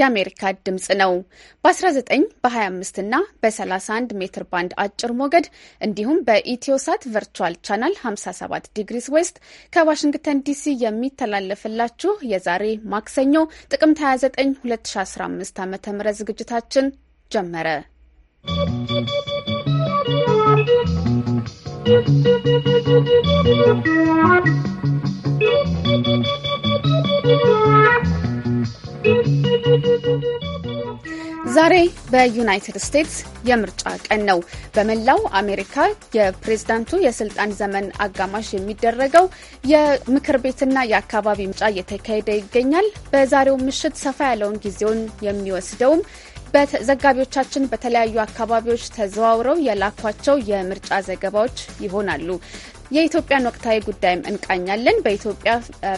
የአሜሪካ ድምፅ ነው። በ19 በ25 እና በ31 ሜትር ባንድ አጭር ሞገድ እንዲሁም በኢትዮሳት ቨርቹዋል ቻናል 57 ዲግሪስ ዌስት ከዋሽንግተን ዲሲ የሚተላለፍላችሁ የዛሬ ማክሰኞ ጥቅምት 29 2015 ዓ ም ዝግጅታችን ጀመረ። ¶¶ ዛሬ በዩናይትድ ስቴትስ የምርጫ ቀን ነው። በመላው አሜሪካ የፕሬዝዳንቱ የስልጣን ዘመን አጋማሽ የሚደረገው የምክር ቤትና የአካባቢ ምርጫ እየተካሄደ ይገኛል። በዛሬው ምሽት ሰፋ ያለውን ጊዜውን የሚወስደውም ዘጋቢዎቻችን በተለያዩ አካባቢዎች ተዘዋውረው የላኳቸው የምርጫ ዘገባዎች ይሆናሉ። የኢትዮጵያን ወቅታዊ ጉዳይም እንቃኛለን። በኢትዮጵያ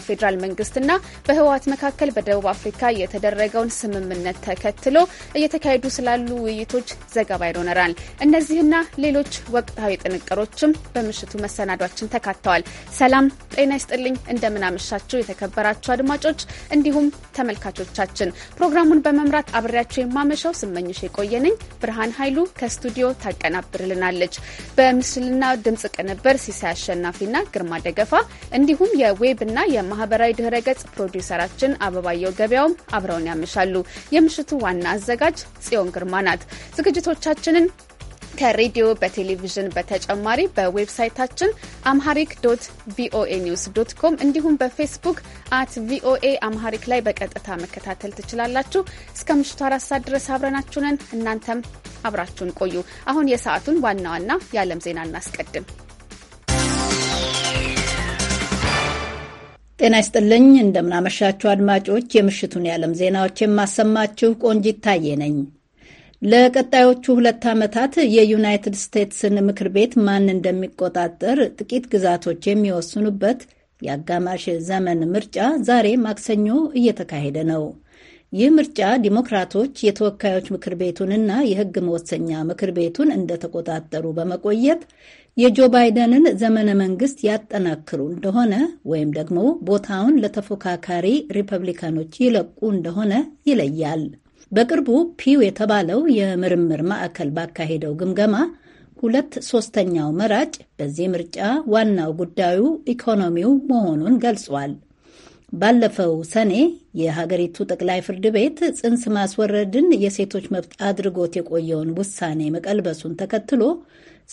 ፌዴራል መንግስትና በህወሀት መካከል በደቡብ አፍሪካ የተደረገውን ስምምነት ተከትሎ እየተካሄዱ ስላሉ ውይይቶች ዘገባ ይኖረናል። እነዚህና ሌሎች ወቅታዊ ጥንቅሮችም በምሽቱ መሰናዷችን ተካተዋል። ሰላም ጤና ይስጥልኝ። እንደምናመሻችሁ የተከበራችሁ አድማጮች እንዲሁም ተመልካቾቻችን ፕሮግራሙን በመምራት አብሬያቸው የማመሻው ስመኝሽ የቆየነኝ ብርሃን ኃይሉ ከስቱዲዮ ታቀናብርልናለች። በምስልና ድምጽ ቅንብር ሲሳያ አሸናፊና ግርማ ደገፋ እንዲሁም የዌብና የማህበራዊ ድህረ ገጽ ፕሮዲውሰራችን አበባየው ገበያውም አብረውን ያመሻሉ። የምሽቱ ዋና አዘጋጅ ጽዮን ግርማ ናት። ዝግጅቶቻችንን ከሬዲዮ በቴሌቪዥን በተጨማሪ በዌብሳይታችን አምሃሪክ ዶት ቪኦኤ ኒውስ ዶት ኮም እንዲሁም በፌስቡክ አት ቪኦኤ አምሃሪክ ላይ በቀጥታ መከታተል ትችላላችሁ። እስከ ምሽቱ አራት ሰዓት ድረስ አብረናችሁ ነን። እናንተም አብራችሁን ቆዩ። አሁን የሰዓቱን ዋና ዋና የዓለም ዜና እናስቀድም። ጤና ይስጥልኝ እንደምናመሻችሁ አድማጮች፣ የምሽቱን የዓለም ዜናዎች የማሰማችሁ ቆንጂት ታዬ ነኝ። ለቀጣዮቹ ሁለት ዓመታት የዩናይትድ ስቴትስን ምክር ቤት ማን እንደሚቆጣጠር ጥቂት ግዛቶች የሚወስኑበት የአጋማሽ ዘመን ምርጫ ዛሬ ማክሰኞ እየተካሄደ ነው። ይህ ምርጫ ዲሞክራቶች የተወካዮች ምክር ቤቱንና የሕግ መወሰኛ ምክር ቤቱን እንደተቆጣጠሩ በመቆየት የጆ ባይደንን ዘመነ መንግስት ያጠናክሩ እንደሆነ ወይም ደግሞ ቦታውን ለተፎካካሪ ሪፐብሊካኖች ይለቁ እንደሆነ ይለያል። በቅርቡ ፒው የተባለው የምርምር ማዕከል ባካሄደው ግምገማ ሁለት ሶስተኛው መራጭ በዚህ ምርጫ ዋናው ጉዳዩ ኢኮኖሚው መሆኑን ገልጿል። ባለፈው ሰኔ የሀገሪቱ ጠቅላይ ፍርድ ቤት ጽንስ ማስወረድን የሴቶች መብት አድርጎት የቆየውን ውሳኔ መቀልበሱን ተከትሎ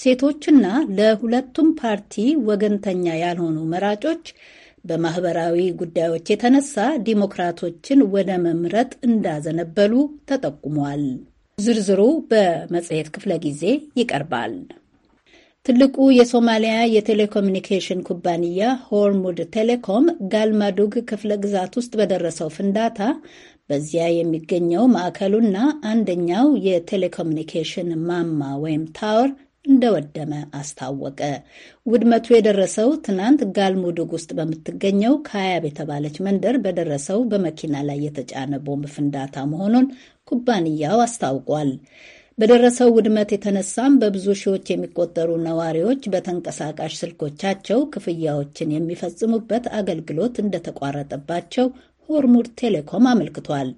ሴቶችና ለሁለቱም ፓርቲ ወገንተኛ ያልሆኑ መራጮች በማህበራዊ ጉዳዮች የተነሳ ዲሞክራቶችን ወደ መምረጥ እንዳዘነበሉ ተጠቁሟል። ዝርዝሩ በመጽሔት ክፍለ ጊዜ ይቀርባል። ትልቁ የሶማሊያ የቴሌኮሚኒኬሽን ኩባንያ ሆርሙድ ቴሌኮም ጋልማዱግ ክፍለ ግዛት ውስጥ በደረሰው ፍንዳታ በዚያ የሚገኘው ማዕከሉና አንደኛው የቴሌኮሚኒኬሽን ማማ ወይም ታወር እንደወደመ አስታወቀ። ውድመቱ የደረሰው ትናንት ጋልሙዱግ ውስጥ በምትገኘው ካያብ የተባለች መንደር በደረሰው በመኪና ላይ የተጫነ ቦምብ ፍንዳታ መሆኑን ኩባንያው አስታውቋል። በደረሰው ውድመት የተነሳም በብዙ ሺዎች የሚቆጠሩ ነዋሪዎች በተንቀሳቃሽ ስልኮቻቸው ክፍያዎችን የሚፈጽሙበት አገልግሎት እንደተቋረጠባቸው ሆርሙድ ቴሌኮም አመልክቷል።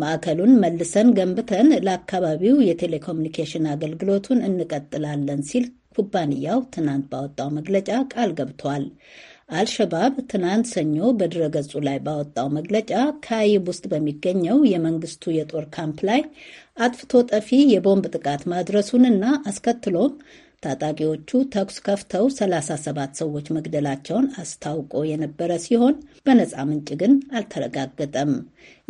ማዕከሉን መልሰን ገንብተን ለአካባቢው የቴሌኮሙኒኬሽን አገልግሎቱን እንቀጥላለን ሲል ኩባንያው ትናንት ባወጣው መግለጫ ቃል ገብቷል። አልሸባብ ትናንት ሰኞ በድረገጹ ላይ ባወጣው መግለጫ ከአይብ ውስጥ በሚገኘው የመንግስቱ የጦር ካምፕ ላይ አጥፍቶ ጠፊ የቦምብ ጥቃት ማድረሱንና አስከትሎም ታጣቂዎቹ ተኩስ ከፍተው 37 ሰዎች መግደላቸውን አስታውቆ የነበረ ሲሆን በነፃ ምንጭ ግን አልተረጋገጠም።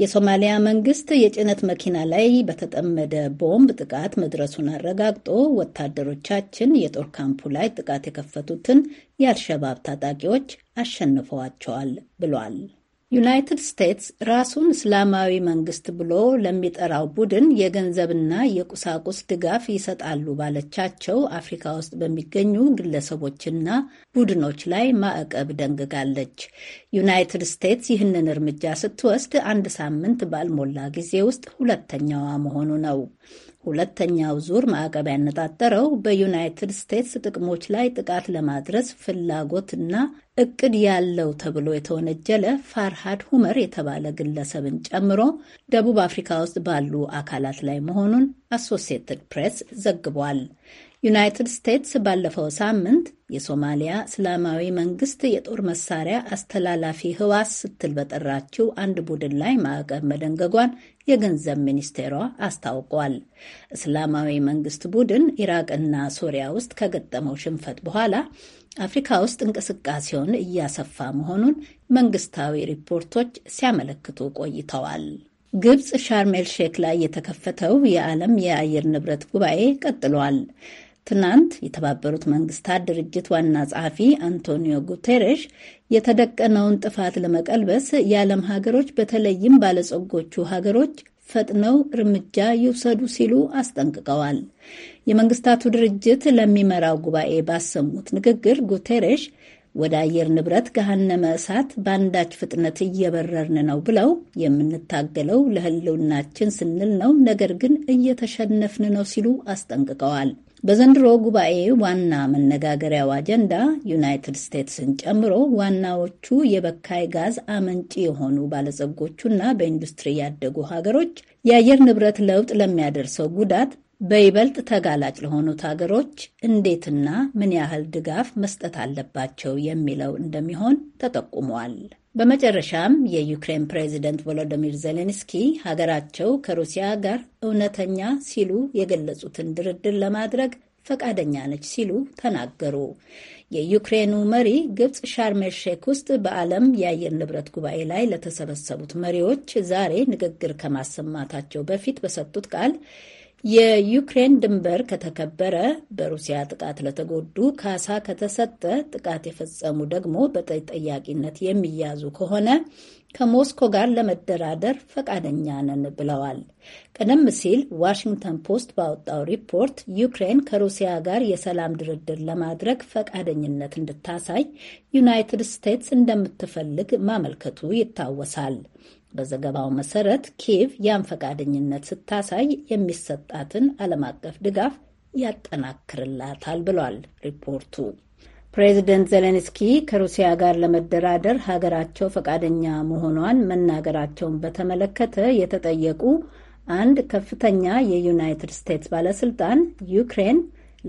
የሶማሊያ መንግስት የጭነት መኪና ላይ በተጠመደ ቦምብ ጥቃት መድረሱን አረጋግጦ ወታደሮቻችን የጦር ካምፑ ላይ ጥቃት የከፈቱትን የአልሸባብ ታጣቂዎች አሸንፈዋቸዋል ብሏል። ዩናይትድ ስቴትስ ራሱን እስላማዊ መንግስት ብሎ ለሚጠራው ቡድን የገንዘብና የቁሳቁስ ድጋፍ ይሰጣሉ ባለቻቸው አፍሪካ ውስጥ በሚገኙ ግለሰቦችና ቡድኖች ላይ ማዕቀብ ደንግጋለች። ዩናይትድ ስቴትስ ይህንን እርምጃ ስትወስድ አንድ ሳምንት ባልሞላ ጊዜ ውስጥ ሁለተኛዋ መሆኑ ነው። ሁለተኛው ዙር ማዕቀብ ያነጣጠረው በዩናይትድ ስቴትስ ጥቅሞች ላይ ጥቃት ለማድረስ ፍላጎትና እቅድ ያለው ተብሎ የተወነጀለ ፋርሃድ ሁመር የተባለ ግለሰብን ጨምሮ ደቡብ አፍሪካ ውስጥ ባሉ አካላት ላይ መሆኑን አሶሲየትድ ፕሬስ ዘግቧል። ዩናይትድ ስቴትስ ባለፈው ሳምንት የሶማሊያ እስላማዊ መንግስት የጦር መሳሪያ አስተላላፊ ህዋስ ስትል በጠራችው አንድ ቡድን ላይ ማዕቀብ መደንገጓን የገንዘብ ሚኒስቴሯ አስታውቋል። እስላማዊ መንግስት ቡድን ኢራቅና ሶሪያ ውስጥ ከገጠመው ሽንፈት በኋላ አፍሪካ ውስጥ እንቅስቃሴውን እያሰፋ መሆኑን መንግስታዊ ሪፖርቶች ሲያመለክቱ ቆይተዋል። ግብፅ ሻርሜል ሼክ ላይ የተከፈተው የዓለም የአየር ንብረት ጉባኤ ቀጥሏል። ትናንት የተባበሩት መንግስታት ድርጅት ዋና ጸሐፊ አንቶኒዮ ጉቴሬሽ የተደቀነውን ጥፋት ለመቀልበስ የዓለም ሀገሮች በተለይም ባለጸጎቹ ሀገሮች ፈጥነው እርምጃ ይውሰዱ ሲሉ አስጠንቅቀዋል። የመንግስታቱ ድርጅት ለሚመራው ጉባኤ ባሰሙት ንግግር ጉቴሬሽ ወደ አየር ንብረት ገሃነመ እሳት በአንዳች ፍጥነት እየበረርን ነው ብለው የምንታገለው ለህልውናችን ስንል ነው፣ ነገር ግን እየተሸነፍን ነው ሲሉ አስጠንቅቀዋል። በዘንድሮ ጉባኤ ዋና መነጋገሪያው አጀንዳ ዩናይትድ ስቴትስን ጨምሮ ዋናዎቹ የበካይ ጋዝ አመንጪ የሆኑ ባለጸጎቹና በኢንዱስትሪ ያደጉ ሀገሮች የአየር ንብረት ለውጥ ለሚያደርሰው ጉዳት በይበልጥ ተጋላጭ ለሆኑት ሀገሮች እንዴትና ምን ያህል ድጋፍ መስጠት አለባቸው የሚለው እንደሚሆን ተጠቁመዋል። በመጨረሻም የዩክሬን ፕሬዚደንት ቮሎዶሚር ዜሌንስኪ ሀገራቸው ከሩሲያ ጋር እውነተኛ ሲሉ የገለጹትን ድርድር ለማድረግ ፈቃደኛ ነች ሲሉ ተናገሩ። የዩክሬኑ መሪ ግብፅ ሻርሜሼክ ውስጥ በዓለም የአየር ንብረት ጉባኤ ላይ ለተሰበሰቡት መሪዎች ዛሬ ንግግር ከማሰማታቸው በፊት በሰጡት ቃል የዩክሬን ድንበር ከተከበረ፣ በሩሲያ ጥቃት ለተጎዱ ካሳ ከተሰጠ፣ ጥቃት የፈጸሙ ደግሞ በተጠያቂነት የሚያዙ ከሆነ ከሞስኮ ጋር ለመደራደር ፈቃደኛ ነን ብለዋል። ቀደም ሲል ዋሽንግተን ፖስት ባወጣው ሪፖርት ዩክሬን ከሩሲያ ጋር የሰላም ድርድር ለማድረግ ፈቃደኝነት እንድታሳይ ዩናይትድ ስቴትስ እንደምትፈልግ ማመልከቱ ይታወሳል። በዘገባው መሰረት ኪየቭ ያን ፈቃደኝነት ስታሳይ የሚሰጣትን ዓለም አቀፍ ድጋፍ ያጠናክርላታል ብሏል ሪፖርቱ። ፕሬዚደንት ዜሌንስኪ ከሩሲያ ጋር ለመደራደር ሀገራቸው ፈቃደኛ መሆኗን መናገራቸውን በተመለከተ የተጠየቁ አንድ ከፍተኛ የዩናይትድ ስቴትስ ባለስልጣን ዩክሬን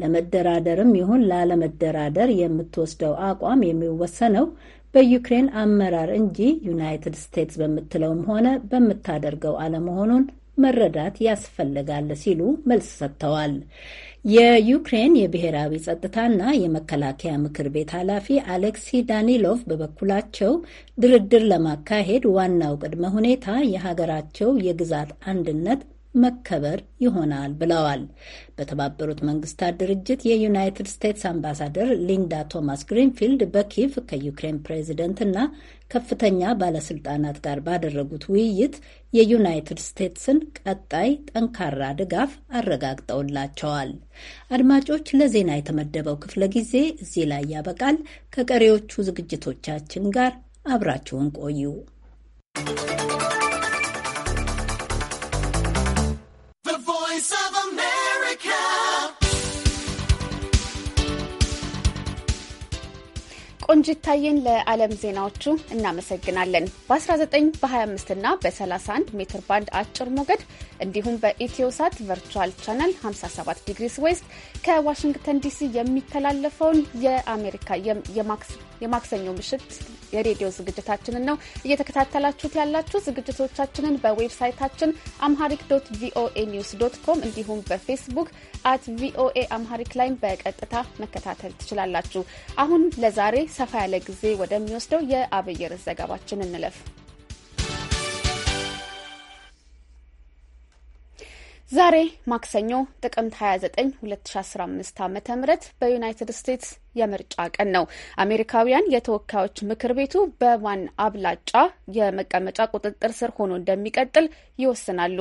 ለመደራደርም ይሁን ላለመደራደር የምትወስደው አቋም የሚወሰነው በዩክሬን አመራር እንጂ ዩናይትድ ስቴትስ በምትለውም ሆነ በምታደርገው አለመሆኑን መረዳት ያስፈልጋል ሲሉ መልስ ሰጥተዋል። የዩክሬን የብሔራዊ ጸጥታና የመከላከያ ምክር ቤት ኃላፊ አሌክሲ ዳኒሎቭ በበኩላቸው ድርድር ለማካሄድ ዋናው ቅድመ ሁኔታ የሀገራቸው የግዛት አንድነት መከበር ይሆናል ብለዋል። በተባበሩት መንግስታት ድርጅት የዩናይትድ ስቴትስ አምባሳደር ሊንዳ ቶማስ ግሪንፊልድ በኪቭ ከዩክሬን ፕሬዚደንትና ከፍተኛ ባለስልጣናት ጋር ባደረጉት ውይይት የዩናይትድ ስቴትስን ቀጣይ ጠንካራ ድጋፍ አረጋግጠውላቸዋል። አድማጮች፣ ለዜና የተመደበው ክፍለ ጊዜ እዚህ ላይ ያበቃል። ከቀሪዎቹ ዝግጅቶቻችን ጋር አብራችሁን ቆዩ። ቆንጂ ታየን ለዓለም ዜናዎቹ እናመሰግናለን። በ19 በ25 እና በ31 ሜትር ባንድ አጭር ሞገድ እንዲሁም በኢትዮሳት ቨርቹዋል ቻናል 57 ዲግሪስ ዌስት ከዋሽንግተን ዲሲ የሚተላለፈውን የአሜሪካ የማክሰኞ ምሽት የሬዲዮ ዝግጅታችንን ነው እየተከታተላችሁት ያላችሁ። ዝግጅቶቻችንን በዌብሳይታችን አምሃሪክ ዶት ቪኦኤ ኒውስ ዶት ኮም እንዲሁም በፌስቡክ አት ቪኦኤ አምሃሪክ ላይም በቀጥታ መከታተል ትችላላችሁ። አሁን ለዛሬ ሰፋ ያለ ጊዜ ወደሚወስደው የአብይ ርዕስ ዘገባችን እንለፍ። ዛሬ ማክሰኞ ጥቅምት 29 2015 ዓ ም በዩናይትድ ስቴትስ የምርጫ ቀን ነው። አሜሪካውያን የተወካዮች ምክር ቤቱ በዋን አብላጫ የመቀመጫ ቁጥጥር ስር ሆኖ እንደሚቀጥል ይወስናሉ።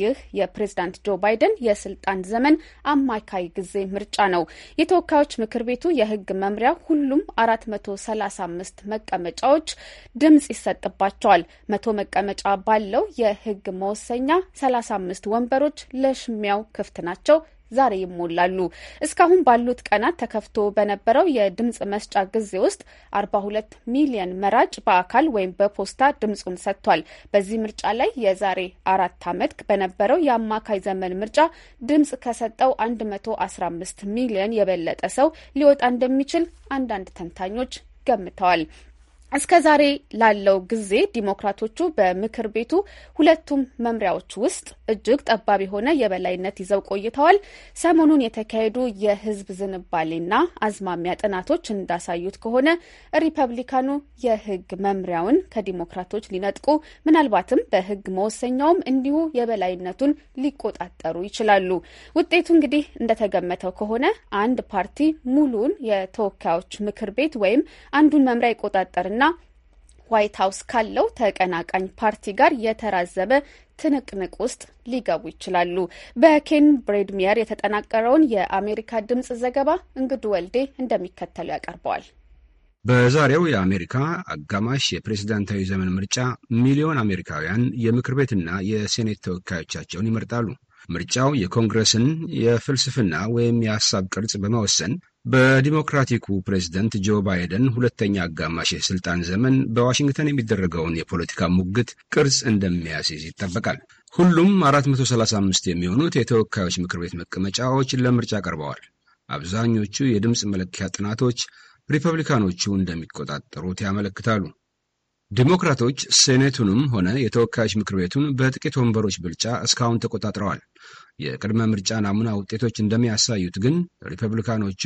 ይህ የፕሬዝዳንት ጆ ባይደን የስልጣን ዘመን አማካይ ጊዜ ምርጫ ነው። የተወካዮች ምክር ቤቱ የህግ መምሪያ ሁሉም 435 መቀመጫዎች ድምጽ ይሰጥባቸዋል። መቶ መቀመጫ ባለው የህግ መወሰኛ 35 ወንበሮች ለሽሚያው ክፍት ናቸው። ዛሬ ይሞላሉ። እስካሁን ባሉት ቀናት ተከፍቶ በነበረው የድምፅ መስጫ ጊዜ ውስጥ 42 ሚሊዮን መራጭ በአካል ወይም በፖስታ ድምፁን ሰጥቷል። በዚህ ምርጫ ላይ የዛሬ አራት ዓመት በነበረው የአማካይ ዘመን ምርጫ ድምፅ ከሰጠው 115 ሚሊዮን የበለጠ ሰው ሊወጣ እንደሚችል አንዳንድ ተንታኞች ገምተዋል። እስከ ዛሬ ላለው ጊዜ ዲሞክራቶቹ በምክር ቤቱ ሁለቱም መምሪያዎች ውስጥ እጅግ ጠባብ የሆነ የበላይነት ይዘው ቆይተዋል። ሰሞኑን የተካሄዱ የህዝብ ዝንባሌና አዝማሚያ ጥናቶች እንዳሳዩት ከሆነ ሪፐብሊካኑ የህግ መምሪያውን ከዲሞክራቶች ሊነጥቁ ምናልባትም በህግ መወሰኛውም እንዲሁ የበላይነቱን ሊቆጣጠሩ ይችላሉ። ውጤቱ እንግዲህ እንደተገመተው ከሆነ አንድ ፓርቲ ሙሉን የተወካዮች ምክር ቤት ወይም አንዱን መምሪያ ይቆጣጠርና እና ዋይት ሀውስ ካለው ተቀናቃኝ ፓርቲ ጋር የተራዘመ ትንቅንቅ ውስጥ ሊገቡ ይችላሉ። በኬን ብሬድሚየር የተጠናቀረውን የአሜሪካ ድምፅ ዘገባ እንግዱ ወልዴ እንደሚከተሉ ያቀርበዋል። በዛሬው የአሜሪካ አጋማሽ የፕሬዝዳንታዊ ዘመን ምርጫ ሚሊዮን አሜሪካውያን የምክር ቤትና የሴኔት ተወካዮቻቸውን ይመርጣሉ። ምርጫው የኮንግረስን የፍልስፍና ወይም የሐሳብ ቅርጽ በመወሰን በዲሞክራቲኩ ፕሬዝደንት ጆ ባይደን ሁለተኛ አጋማሽ የሥልጣን ዘመን በዋሽንግተን የሚደረገውን የፖለቲካ ሙግት ቅርጽ እንደሚያስይዝ ይጠበቃል። ሁሉም 435 የሚሆኑት የተወካዮች ምክር ቤት መቀመጫዎች ለምርጫ ቀርበዋል። አብዛኞቹ የድምፅ መለኪያ ጥናቶች ሪፐብሊካኖቹ እንደሚቆጣጠሩት ያመለክታሉ። ዲሞክራቶች ሴኔቱንም ሆነ የተወካዮች ምክር ቤቱን በጥቂት ወንበሮች ብልጫ እስካሁን ተቆጣጥረዋል። የቅድመ ምርጫ ናሙና ውጤቶች እንደሚያሳዩት ግን ሪፐብሊካኖቹ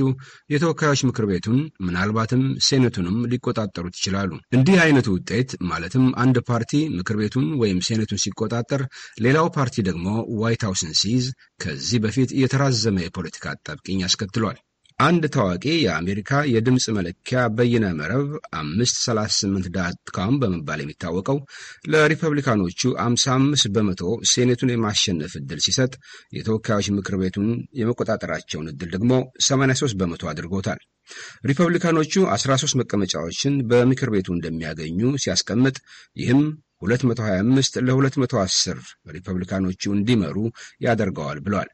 የተወካዮች ምክር ቤቱን ምናልባትም ሴኔቱንም ሊቆጣጠሩት ይችላሉ። እንዲህ አይነቱ ውጤት ማለትም አንድ ፓርቲ ምክር ቤቱን ወይም ሴኔቱን ሲቆጣጠር፣ ሌላው ፓርቲ ደግሞ ዋይት ሀውስን ሲይዝ ከዚህ በፊት የተራዘመ የፖለቲካ አጣብቅኝ አስከትሏል። አንድ ታዋቂ የአሜሪካ የድምፅ መለኪያ በይነ መረብ 538 ዳት ካም በመባል የሚታወቀው ለሪፐብሊካኖቹ 55 በመቶ ሴኔቱን የማሸነፍ እድል ሲሰጥ የተወካዮች ምክር ቤቱን የመቆጣጠራቸውን እድል ደግሞ 83 በመቶ አድርጎታል። ሪፐብሊካኖቹ 13 መቀመጫዎችን በምክር ቤቱ እንደሚያገኙ ሲያስቀምጥ ይህም 225 ለ210 ሪፐብሊካኖቹ እንዲመሩ ያደርገዋል ብሏል።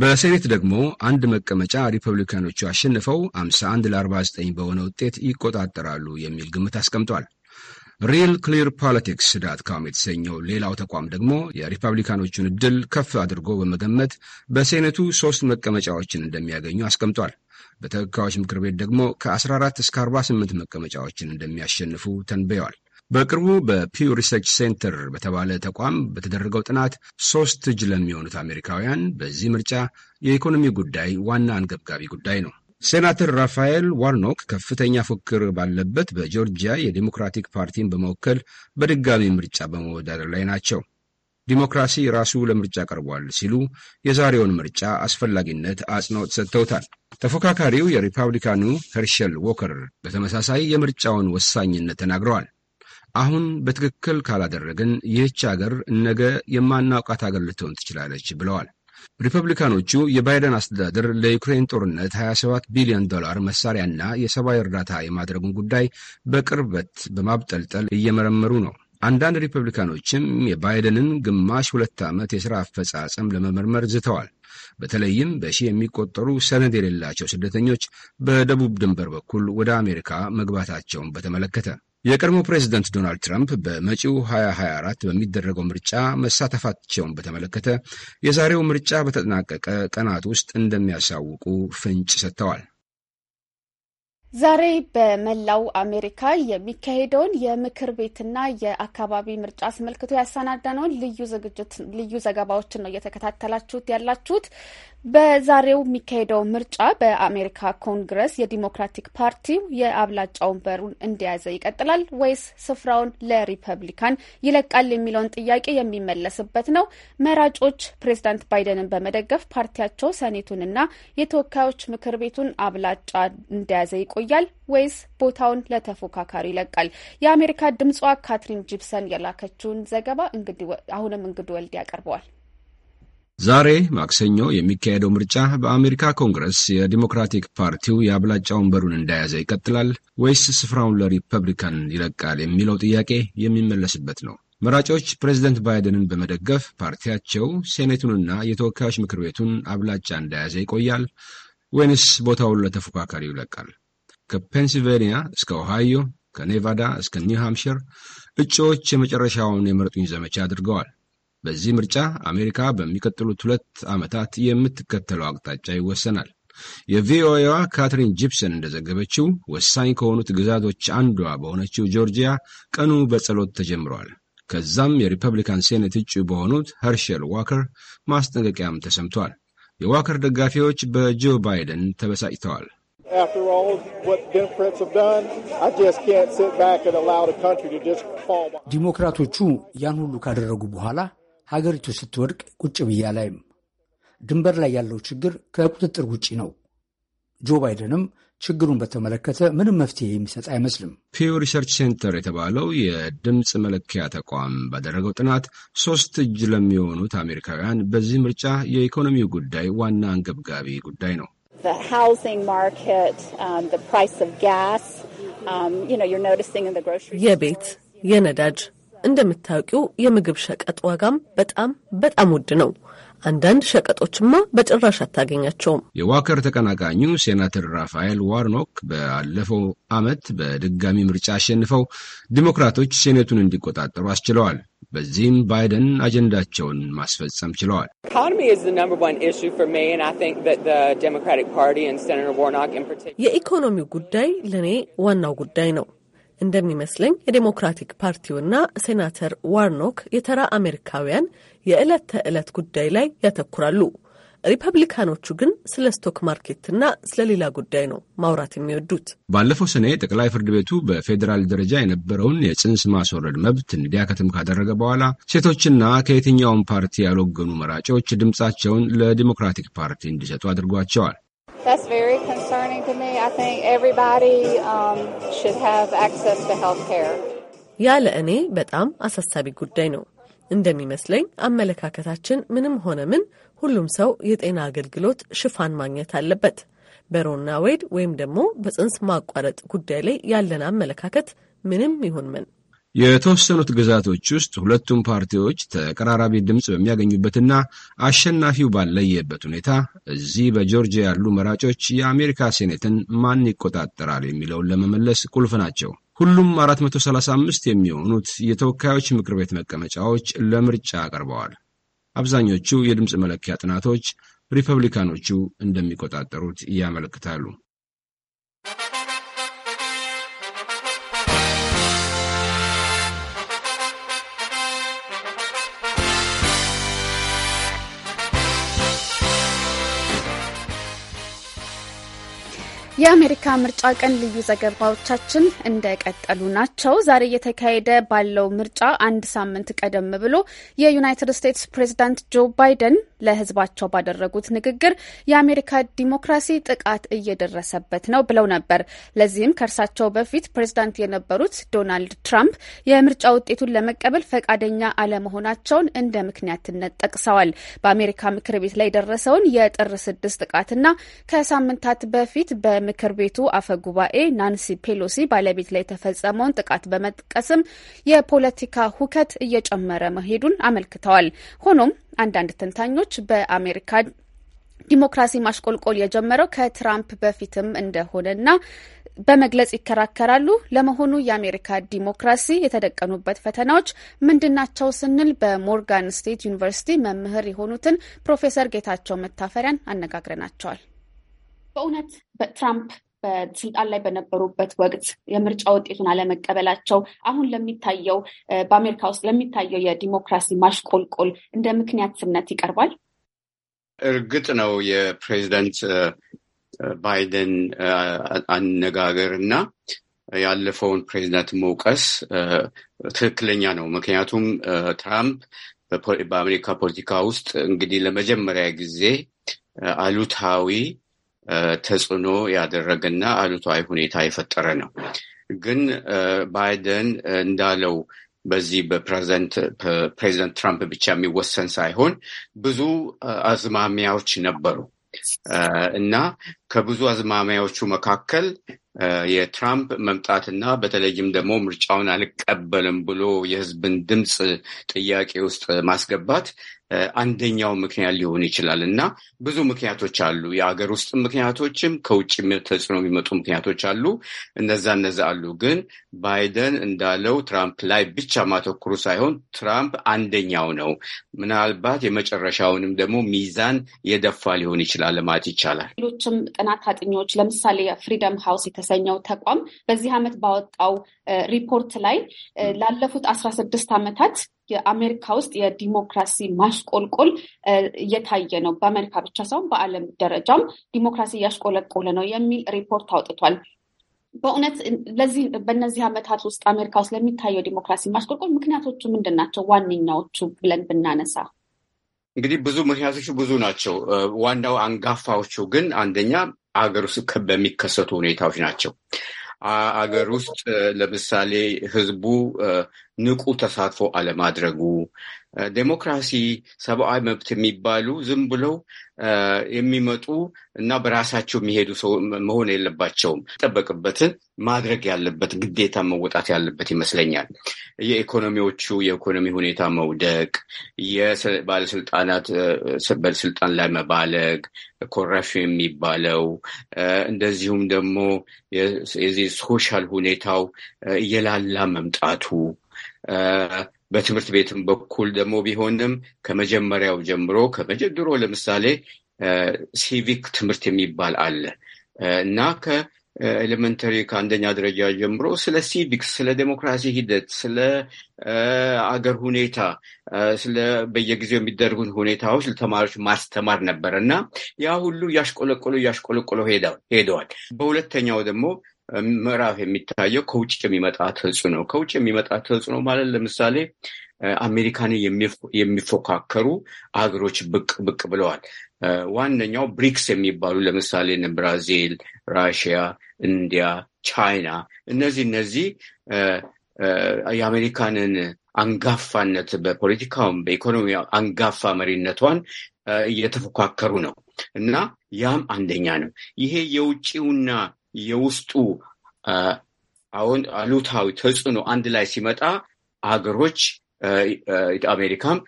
በሴኔት ደግሞ አንድ መቀመጫ ሪፐብሊካኖቹ አሸንፈው 51 ለ49 በሆነ ውጤት ይቆጣጠራሉ የሚል ግምት አስቀምጧል። ሪል ክሊር ፖለቲክስ ዳት ካም የተሰኘው ሌላው ተቋም ደግሞ የሪፐብሊካኖቹን እድል ከፍ አድርጎ በመገመት በሴኔቱ ሶስት መቀመጫዎችን እንደሚያገኙ አስቀምጧል። በተወካዮች ምክር ቤት ደግሞ ከ14 እስከ 48 መቀመጫዎችን እንደሚያሸንፉ ተንብየዋል። በቅርቡ በፒው ሪሰርች ሴንተር በተባለ ተቋም በተደረገው ጥናት ሶስት እጅ ለሚሆኑት አሜሪካውያን በዚህ ምርጫ የኢኮኖሚ ጉዳይ ዋና አንገብጋቢ ጉዳይ ነው። ሴናተር ራፋኤል ዋርኖክ ከፍተኛ ፉክክር ባለበት በጆርጂያ የዲሞክራቲክ ፓርቲን በመወከል በድጋሚ ምርጫ በመወዳደር ላይ ናቸው። ዲሞክራሲ ራሱ ለምርጫ ቀርቧል ሲሉ የዛሬውን ምርጫ አስፈላጊነት አጽንኦት ሰጥተውታል። ተፎካካሪው የሪፐብሊካኑ ሄርሸል ዎከር በተመሳሳይ የምርጫውን ወሳኝነት ተናግረዋል። አሁን በትክክል ካላደረግን ይህች አገር ነገ የማናውቃት አገር ልትሆን ትችላለች ብለዋል። ሪፐብሊካኖቹ የባይደን አስተዳደር ለዩክሬን ጦርነት 27 ቢሊዮን ዶላር መሳሪያና የሰብአዊ እርዳታ የማድረጉን ጉዳይ በቅርበት በማብጠልጠል እየመረመሩ ነው። አንዳንድ ሪፐብሊካኖችም የባይደንን ግማሽ ሁለት ዓመት የሥራ አፈጻጸም ለመመርመር ዝተዋል። በተለይም በሺህ የሚቆጠሩ ሰነድ የሌላቸው ስደተኞች በደቡብ ድንበር በኩል ወደ አሜሪካ መግባታቸውን በተመለከተ የቀድሞ ፕሬዚደንት ዶናልድ ትራምፕ በመጪው 2024 በሚደረገው ምርጫ መሳተፋቸውን በተመለከተ የዛሬው ምርጫ በተጠናቀቀ ቀናት ውስጥ እንደሚያሳውቁ ፍንጭ ሰጥተዋል። ዛሬ በመላው አሜሪካ የሚካሄደውን የምክር ቤትና የአካባቢ ምርጫ አስመልክቶ ያሰናዳነውን ልዩ ዝግጅት ልዩ ዘገባዎችን ነው እየተከታተላችሁት ያላችሁት። በዛሬው የሚካሄደው ምርጫ በአሜሪካ ኮንግረስ የዲሞክራቲክ ፓርቲው የአብላጫ ወንበሩን እንደያዘ ይቀጥላል ወይስ ስፍራውን ለሪፐብሊካን ይለቃል የሚለውን ጥያቄ የሚመለስበት ነው። መራጮች ፕሬዚዳንት ባይደንን በመደገፍ ፓርቲያቸው ሰኔቱንና የተወካዮች ምክር ቤቱን አብላጫ እንደያዘ ይቆያል ወይስ ቦታውን ለተፎካካሪ ይለቃል? የአሜሪካ ድምጿ ካትሪን ጂፕሰን የላከችውን ዘገባ አሁንም እንግድ ወልድ ያቀርበዋል። ዛሬ ማክሰኞ የሚካሄደው ምርጫ በአሜሪካ ኮንግረስ የዲሞክራቲክ ፓርቲው የአብላጫ ወንበሩን እንደያዘ ይቀጥላል ወይስ ስፍራውን ለሪፐብሊካን ይለቃል የሚለው ጥያቄ የሚመለስበት ነው። መራጮች ፕሬዚደንት ባይደንን በመደገፍ ፓርቲያቸው ሴኔቱንና የተወካዮች ምክር ቤቱን አብላጫ እንደያዘ ይቆያል ወይንስ ቦታውን ለተፎካካሪ ይለቃል? ከፔንሲልቬንያ እስከ ኦሃዮ፣ ከኔቫዳ እስከ ኒው እጩዎች የመጨረሻውን የምረጡኝ ዘመቻ አድርገዋል። በዚህ ምርጫ አሜሪካ በሚቀጥሉት ሁለት ዓመታት የምትከተለው አቅጣጫ ይወሰናል። የቪኦኤዋ ካትሪን ጂፕሰን እንደዘገበችው ወሳኝ ከሆኑት ግዛቶች አንዷ በሆነችው ጆርጂያ ቀኑ በጸሎት ተጀምሯል። ከዛም የሪፐብሊካን ሴኔት እጩ በሆኑት ኸርሸል ዋከር ማስጠንቀቂያም ተሰምቷል። የዋከር ደጋፊዎች በጆ ባይደን ተበሳጭተዋል። ዲሞክራቶቹ ያን ሁሉ ካደረጉ በኋላ ሀገሪቱ ስትወድቅ ቁጭ ብያ አላይም። ድንበር ላይ ያለው ችግር ከቁጥጥር ውጪ ነው። ጆ ባይደንም ችግሩን በተመለከተ ምንም መፍትሄ የሚሰጥ አይመስልም። ፒው ሪሰርች ሴንተር የተባለው የድምፅ መለኪያ ተቋም ባደረገው ጥናት ሶስት እጅ ለሚሆኑት አሜሪካውያን በዚህ ምርጫ የኢኮኖሚው ጉዳይ ዋና አንገብጋቢ ጉዳይ ነው። um, um, የቤት የነዳጅ እንደምታውቂው የምግብ ሸቀጥ ዋጋም በጣም በጣም ውድ ነው። አንዳንድ ሸቀጦችማ በጭራሽ አታገኛቸውም። የዋከር ተቀናቃኙ ሴናተር ራፋኤል ዋርኖክ ባለፈው ዓመት በድጋሚ ምርጫ አሸንፈው ዲሞክራቶች ሴኔቱን እንዲቆጣጠሩ አስችለዋል። በዚህም ባይደን አጀንዳቸውን ማስፈጸም ችለዋል። የኢኮኖሚው ጉዳይ ለእኔ ዋናው ጉዳይ ነው። እንደሚመስለኝ የዴሞክራቲክ ፓርቲውና ሴናተር ዋርኖክ የተራ አሜሪካውያን የዕለት ተዕለት ጉዳይ ላይ ያተኩራሉ። ሪፐብሊካኖቹ ግን ስለ ስቶክ ማርኬትና ስለ ሌላ ጉዳይ ነው ማውራት የሚወዱት። ባለፈው ሰኔ ጠቅላይ ፍርድ ቤቱ በፌዴራል ደረጃ የነበረውን የጽንስ ማስወረድ መብት እንዲያከትም ካደረገ በኋላ ሴቶችና ከየትኛውም ፓርቲ ያልወገኑ መራጮች ድምፃቸውን ለዲሞክራቲክ ፓርቲ እንዲሰጡ አድርጓቸዋል። concerning to me. I think everybody um, should have access to health care. ያለ እኔ በጣም አሳሳቢ ጉዳይ ነው። እንደሚመስለኝ አመለካከታችን ምንም ሆነ ምን ሁሉም ሰው የጤና አገልግሎት ሽፋን ማግኘት አለበት። በሮና ዌይድ ወይም ደግሞ በጽንስ ማቋረጥ ጉዳይ ላይ ያለን አመለካከት ምንም ይሁን ምን የተወሰኑት ግዛቶች ውስጥ ሁለቱም ፓርቲዎች ተቀራራቢ ድምፅ በሚያገኙበትና አሸናፊው ባለየበት ሁኔታ እዚህ በጆርጂያ ያሉ መራጮች የአሜሪካ ሴኔትን ማን ይቆጣጠራል የሚለውን ለመመለስ ቁልፍ ናቸው። ሁሉም 435 የሚሆኑት የተወካዮች ምክር ቤት መቀመጫዎች ለምርጫ ቀርበዋል። አብዛኞቹ የድምፅ መለኪያ ጥናቶች ሪፐብሊካኖቹ እንደሚቆጣጠሩት ያመለክታሉ። የአሜሪካ ምርጫ ቀን ልዩ ዘገባዎቻችን እንደቀጠሉ ናቸው። ዛሬ እየተካሄደ ባለው ምርጫ አንድ ሳምንት ቀደም ብሎ የዩናይትድ ስቴትስ ፕሬዚዳንት ጆ ባይደን ለሕዝባቸው ባደረጉት ንግግር የአሜሪካ ዲሞክራሲ ጥቃት እየደረሰበት ነው ብለው ነበር። ለዚህም ከእርሳቸው በፊት ፕሬዚዳንት የነበሩት ዶናልድ ትራምፕ የምርጫ ውጤቱን ለመቀበል ፈቃደኛ አለመሆናቸውን እንደ ምክንያትነት ጠቅሰዋል። በአሜሪካ ምክር ቤት ላይ የደረሰውን የጥር ስድስት ጥቃትና ከሳምንታት በፊት በ የምክር ቤቱ አፈ ጉባኤ ናንሲ ፔሎሲ ባለቤት ላይ የተፈጸመውን ጥቃት በመጥቀስም የፖለቲካ ሁከት እየጨመረ መሄዱን አመልክተዋል። ሆኖም አንዳንድ ተንታኞች በአሜሪካ ዲሞክራሲ ማሽቆልቆል የጀመረው ከትራምፕ በፊትም እንደሆነና በመግለጽ ይከራከራሉ። ለመሆኑ የአሜሪካ ዲሞክራሲ የተደቀኑበት ፈተናዎች ምንድናቸው? ስንል በሞርጋን ስቴት ዩኒቨርሲቲ መምህር የሆኑትን ፕሮፌሰር ጌታቸው መታፈሪያን አነጋግረናቸዋል። በእውነት በትራምፕ በስልጣን ላይ በነበሩበት ወቅት የምርጫ ውጤቱን አለመቀበላቸው አሁን ለሚታየው በአሜሪካ ውስጥ ለሚታየው የዲሞክራሲ ማሽቆልቆል እንደ ምክንያት ስምነት ይቀርባል። እርግጥ ነው የፕሬዚደንት ባይደን አነጋገር እና ያለፈውን ፕሬዚደንት መውቀስ ትክክለኛ ነው። ምክንያቱም ትራምፕ በአሜሪካ ፖለቲካ ውስጥ እንግዲህ ለመጀመሪያ ጊዜ አሉታዊ ተጽዕኖ ያደረገና አሉታዊ ሁኔታ የፈጠረ ነው። ግን ባይደን እንዳለው በዚህ በፕሬዚደንት ትራምፕ ብቻ የሚወሰን ሳይሆን ብዙ አዝማሚያዎች ነበሩ እና ከብዙ አዝማሚያዎቹ መካከል የትራምፕ መምጣትና በተለይም ደግሞ ምርጫውን አልቀበልም ብሎ የሕዝብን ድምፅ ጥያቄ ውስጥ ማስገባት አንደኛው ምክንያት ሊሆን ይችላል እና ብዙ ምክንያቶች አሉ። የሀገር ውስጥ ምክንያቶችም ከውጭ ተጽዕኖ የሚመጡ ምክንያቶች አሉ። እነዛ እነዛ አሉ። ግን ባይደን እንዳለው ትራምፕ ላይ ብቻ ማተኩሩ ሳይሆን ትራምፕ አንደኛው ነው። ምናልባት የመጨረሻውንም ደግሞ ሚዛን የደፋ ሊሆን ይችላል ለማለት ይቻላል። ሌሎችም ጥናት አጥኚዎች ለምሳሌ ፍሪደም ሃውስ የተሰኘው ተቋም በዚህ ዓመት ባወጣው ሪፖርት ላይ ላለፉት አስራ ስድስት ዓመታት የአሜሪካ ውስጥ የዲሞክራሲ ማሽቆልቆል እየታየ ነው። በአሜሪካ ብቻ ሳይሆን በዓለም ደረጃም ዲሞክራሲ እያሽቆለቆለ ነው የሚል ሪፖርት አውጥቷል። በእውነት ለዚህ በእነዚህ ዓመታት ውስጥ አሜሪካ ውስጥ ለሚታየው ዲሞክራሲ ማሽቆልቆል ምክንያቶቹ ምንድን ናቸው? ዋነኛዎቹ ብለን ብናነሳ እንግዲህ ብዙ ምክንያቶቹ ብዙ ናቸው። ዋናው አንጋፋዎቹ ግን አንደኛ አገር ውስጥ በሚከሰቱ ሁኔታዎች ናቸው። አገር ውስጥ ለምሳሌ ህዝቡ ንቁ ተሳትፎ አለማድረጉ ዴሞክራሲ፣ ሰብአዊ መብት የሚባሉ ዝም ብለው የሚመጡ እና በራሳቸው የሚሄዱ ሰው መሆን የለባቸውም። ጠበቅበትን ማድረግ ያለበት ግዴታ መወጣት ያለበት ይመስለኛል። የኢኮኖሚዎቹ የኢኮኖሚ ሁኔታ መውደቅ፣ የባለስልጣናት በስልጣን ላይ መባለግ፣ ኮረፕሽን የሚባለው እንደዚሁም ደግሞ የዚህ ሶሻል ሁኔታው እየላላ መምጣቱ በትምህርት ቤትም በኩል ደግሞ ቢሆንም ከመጀመሪያው ጀምሮ ከመጀድሮ ለምሳሌ ሲቪክ ትምህርት የሚባል አለ እና ከኤሌመንተሪ ከአንደኛ ደረጃ ጀምሮ ስለ ሲቪክ፣ ስለ ዴሞክራሲ ሂደት፣ ስለ አገር ሁኔታ፣ ስለ በየጊዜው ሁኔታዎች ለተማሪዎች ማስተማር ነበር እና ያ ሁሉ እያሽቆለቆሎ እያሽቆለቆሎ ሄደዋል። በሁለተኛው ደግሞ ምዕራፍ የሚታየው ከውጭ የሚመጣ ተጽዕኖ ነው። ከውጭ የሚመጣ ተጽዕኖ ማለት ለምሳሌ አሜሪካን የሚፎካከሩ ሀገሮች ብቅ ብቅ ብለዋል። ዋነኛው ብሪክስ የሚባሉ ለምሳሌ ብራዚል፣ ራሽያ፣ እንዲያ፣ ቻይና እነዚህ እነዚህ የአሜሪካንን አንጋፋነት በፖለቲካውም በኢኮኖሚ አንጋፋ መሪነቷን እየተፎካከሩ ነው እና ያም አንደኛ ነው። ይሄ የውጭውና የውስጡ አሁን አሉታዊ ተጽዕኖ አንድ ላይ ሲመጣ አገሮች አሜሪካም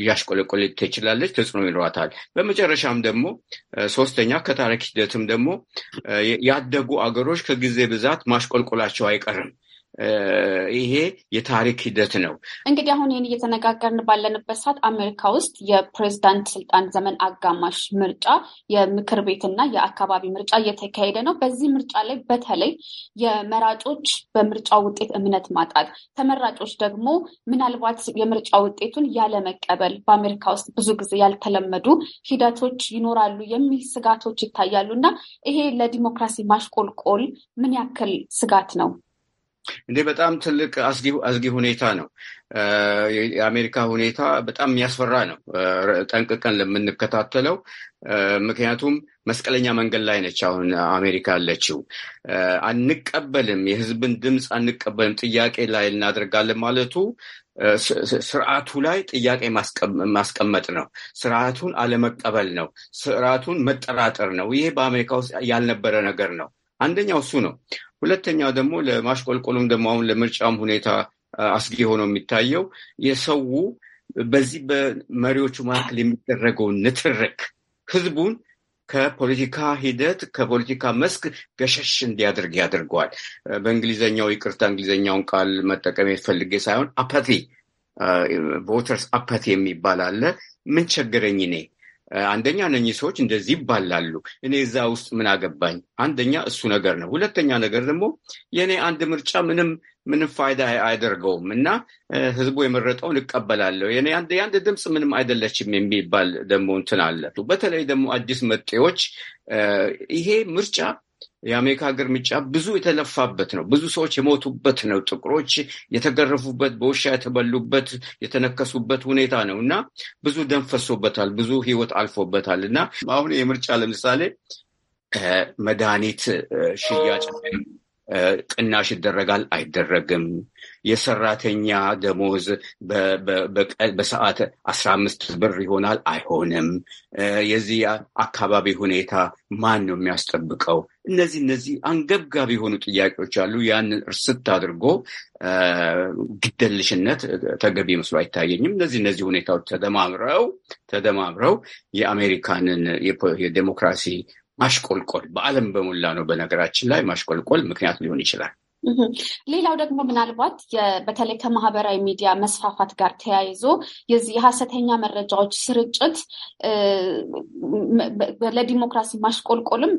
እያሽቆለቆለ ትችላለች፣ ተጽዕኖ ይኖራታል። በመጨረሻም ደግሞ ሶስተኛ ከታሪክ ሂደትም ደግሞ ያደጉ አገሮች ከጊዜ ብዛት ማሽቆልቆላቸው አይቀርም። ይሄ የታሪክ ሂደት ነው። እንግዲህ አሁን ይህን እየተነጋገርን ባለንበት ሰዓት አሜሪካ ውስጥ የፕሬዝዳንት ስልጣን ዘመን አጋማሽ ምርጫ የምክር ቤትና የአካባቢ ምርጫ እየተካሄደ ነው። በዚህ ምርጫ ላይ በተለይ የመራጮች በምርጫ ውጤት እምነት ማጣት፣ ተመራጮች ደግሞ ምናልባት የምርጫ ውጤቱን ያለመቀበል በአሜሪካ ውስጥ ብዙ ጊዜ ያልተለመዱ ሂደቶች ይኖራሉ የሚል ስጋቶች ይታያሉ እና ይሄ ለዲሞክራሲ ማሽቆልቆል ምን ያክል ስጋት ነው? እንዴ በጣም ትልቅ አስጊ ሁኔታ ነው። የአሜሪካ ሁኔታ በጣም የሚያስፈራ ነው፣ ጠንቅቀን ለምንከታተለው። ምክንያቱም መስቀለኛ መንገድ ላይ ነች አሁን አሜሪካ ያለችው። አንቀበልም፣ የህዝብን ድምፅ አንቀበልም፣ ጥያቄ ላይ እናደርጋለን ማለቱ ስርዓቱ ላይ ጥያቄ ማስቀመጥ ነው። ስርዓቱን አለመቀበል ነው። ስርዓቱን መጠራጠር ነው። ይሄ በአሜሪካ ውስጥ ያልነበረ ነገር ነው። አንደኛው እሱ ነው። ሁለተኛው ደግሞ ለማሽቆልቆሉም ደግሞ አሁን ለምርጫም ሁኔታ አስጊ ሆኖ የሚታየው የሰው በዚህ በመሪዎቹ መካከል የሚደረገውን ንትርክ ህዝቡን ከፖለቲካ ሂደት ከፖለቲካ መስክ ገሸሽ እንዲያደርግ ያደርገዋል። በእንግሊዝኛው ይቅርታ እንግሊዝኛውን ቃል መጠቀም የፈልገ ሳይሆን አፓቲ ቮተርስ አፓቲ የሚባል አለ። ምን ቸገረኝ እኔ አንደኛ እነኚህ ሰዎች እንደዚህ ይባላሉ። እኔ እዛ ውስጥ ምን አገባኝ? አንደኛ እሱ ነገር ነው። ሁለተኛ ነገር ደግሞ የእኔ አንድ ምርጫ ምንም ምንም ፋይዳ አያደርገውም እና ህዝቡ የመረጠውን እቀበላለሁ። የአንድ ድምፅ ምንም አይደለችም የሚባል ደግሞ እንትን አለ። በተለይ ደግሞ አዲስ መጤዎች ይሄ ምርጫ የአሜሪካ ሀገር ምርጫ ብዙ የተለፋበት ነው። ብዙ ሰዎች የሞቱበት ነው። ጥቁሮች የተገረፉበት፣ በውሻ የተበሉበት፣ የተነከሱበት ሁኔታ ነው እና ብዙ ደም ፈሶበታል፣ ብዙ ህይወት አልፎበታል እና አሁን የምርጫ ለምሳሌ መድኃኒት ሽያጭ ቅናሽ ይደረጋል አይደረግም፣ የሰራተኛ ደሞዝ በሰዓት አስራ አምስት ብር ይሆናል አይሆንም፣ የዚህ አካባቢ ሁኔታ ማን ነው የሚያስጠብቀው? እነዚህ እነዚህ አንገብጋቢ የሆኑ ጥያቄዎች አሉ። ያንን እርስት አድርጎ ግደልሽነት ተገቢ መስሎ አይታየኝም። እነዚህ እነዚህ ሁኔታዎች ተደማምረው ተደማምረው የአሜሪካንን የዴሞክራሲ ማሽቆልቆል በዓለም በሙላ ነው በነገራችን ላይ ማሽቆልቆል ምክንያት ሊሆን ይችላል። ሌላው ደግሞ ምናልባት በተለይ ከማህበራዊ ሚዲያ መስፋፋት ጋር ተያይዞ የዚህ የሀሰተኛ መረጃዎች ስርጭት ለዲሞክራሲ ማሽቆልቆልም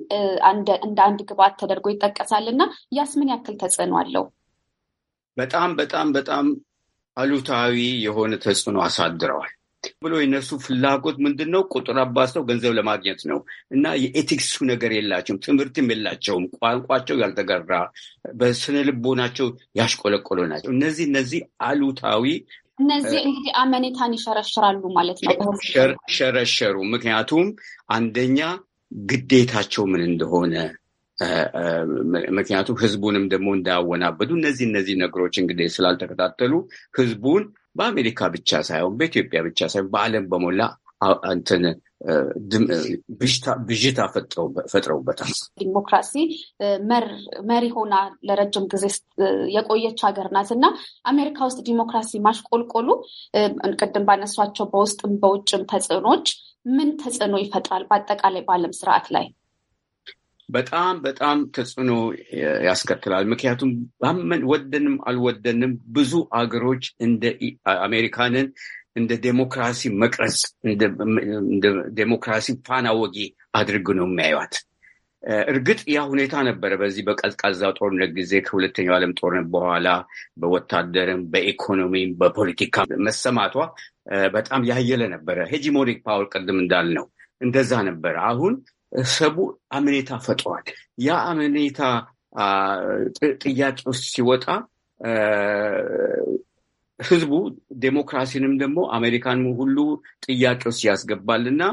እንደ አንድ ግብዓት ተደርጎ ይጠቀሳል እና ያስ ምን ያክል ተጽዕኖ አለው? በጣም በጣም በጣም አሉታዊ የሆነ ተጽዕኖ አሳድረዋል። ብሎ የነሱ ፍላጎት ምንድን ነው? ቁጥር አባስተው ገንዘብ ለማግኘት ነው እና የኤቲክሱ ነገር የላቸውም፣ ትምህርትም የላቸውም። ቋንቋቸው ያልተገራ፣ በስነ ልቦናቸው ያሽቆለቆሎ ናቸው። እነዚህ እነዚህ አሉታዊ እነዚህ እንግዲህ አመኔታን ይሸረሽራሉ ማለት ነው። ሸረሸሩ። ምክንያቱም አንደኛ ግዴታቸው ምን እንደሆነ ምክንያቱም ህዝቡንም ደግሞ እንዳያወናበዱ እነዚህ እነዚህ ነገሮች እንግዲህ ስላልተከታተሉ ህዝቡን በአሜሪካ ብቻ ሳይሆን በኢትዮጵያ ብቻ ሳይሆን በዓለም በሞላ እንትን ብዥታ ፈጥረውበታል። ዲሞክራሲ መሪ ሆና ለረጅም ጊዜ የቆየች ሀገር ናት እና አሜሪካ ውስጥ ዲሞክራሲ ማሽቆልቆሉ ቅድም ባነሷቸው በውስጥም በውጭም ተጽዕኖዎች ምን ተጽዕኖ ይፈጥራል በአጠቃላይ በዓለም ስርዓት ላይ? በጣም በጣም ተጽዕኖ ያስከትላል። ምክንያቱም ባመን ወደንም አልወደንም ብዙ አገሮች እንደ አሜሪካንን እንደ ዴሞክራሲ መቅረጽ እንደ ዴሞክራሲ ፋና ወጊ አድርግ ነው የሚያዩት። እርግጥ ያ ሁኔታ ነበረ በዚህ በቀዝቃዛ ጦርነት ጊዜ ከሁለተኛው ዓለም ጦርነት በኋላ በወታደርም በኢኮኖሚም በፖለቲካ መሰማቷ በጣም ያየለ ነበረ። ሄጂሞኒክ ፓወር ቅድም እንዳልነው እንደዛ ነበረ። አሁን ሰቡ አምኔታ ፈጥሯል። ያ አምኔታ ጥያቄ ውስጥ ሲወጣ ህዝቡ ዴሞክራሲንም ደግሞ አሜሪካን ሁሉ ጥያቄ ውስጥ ያስገባል እና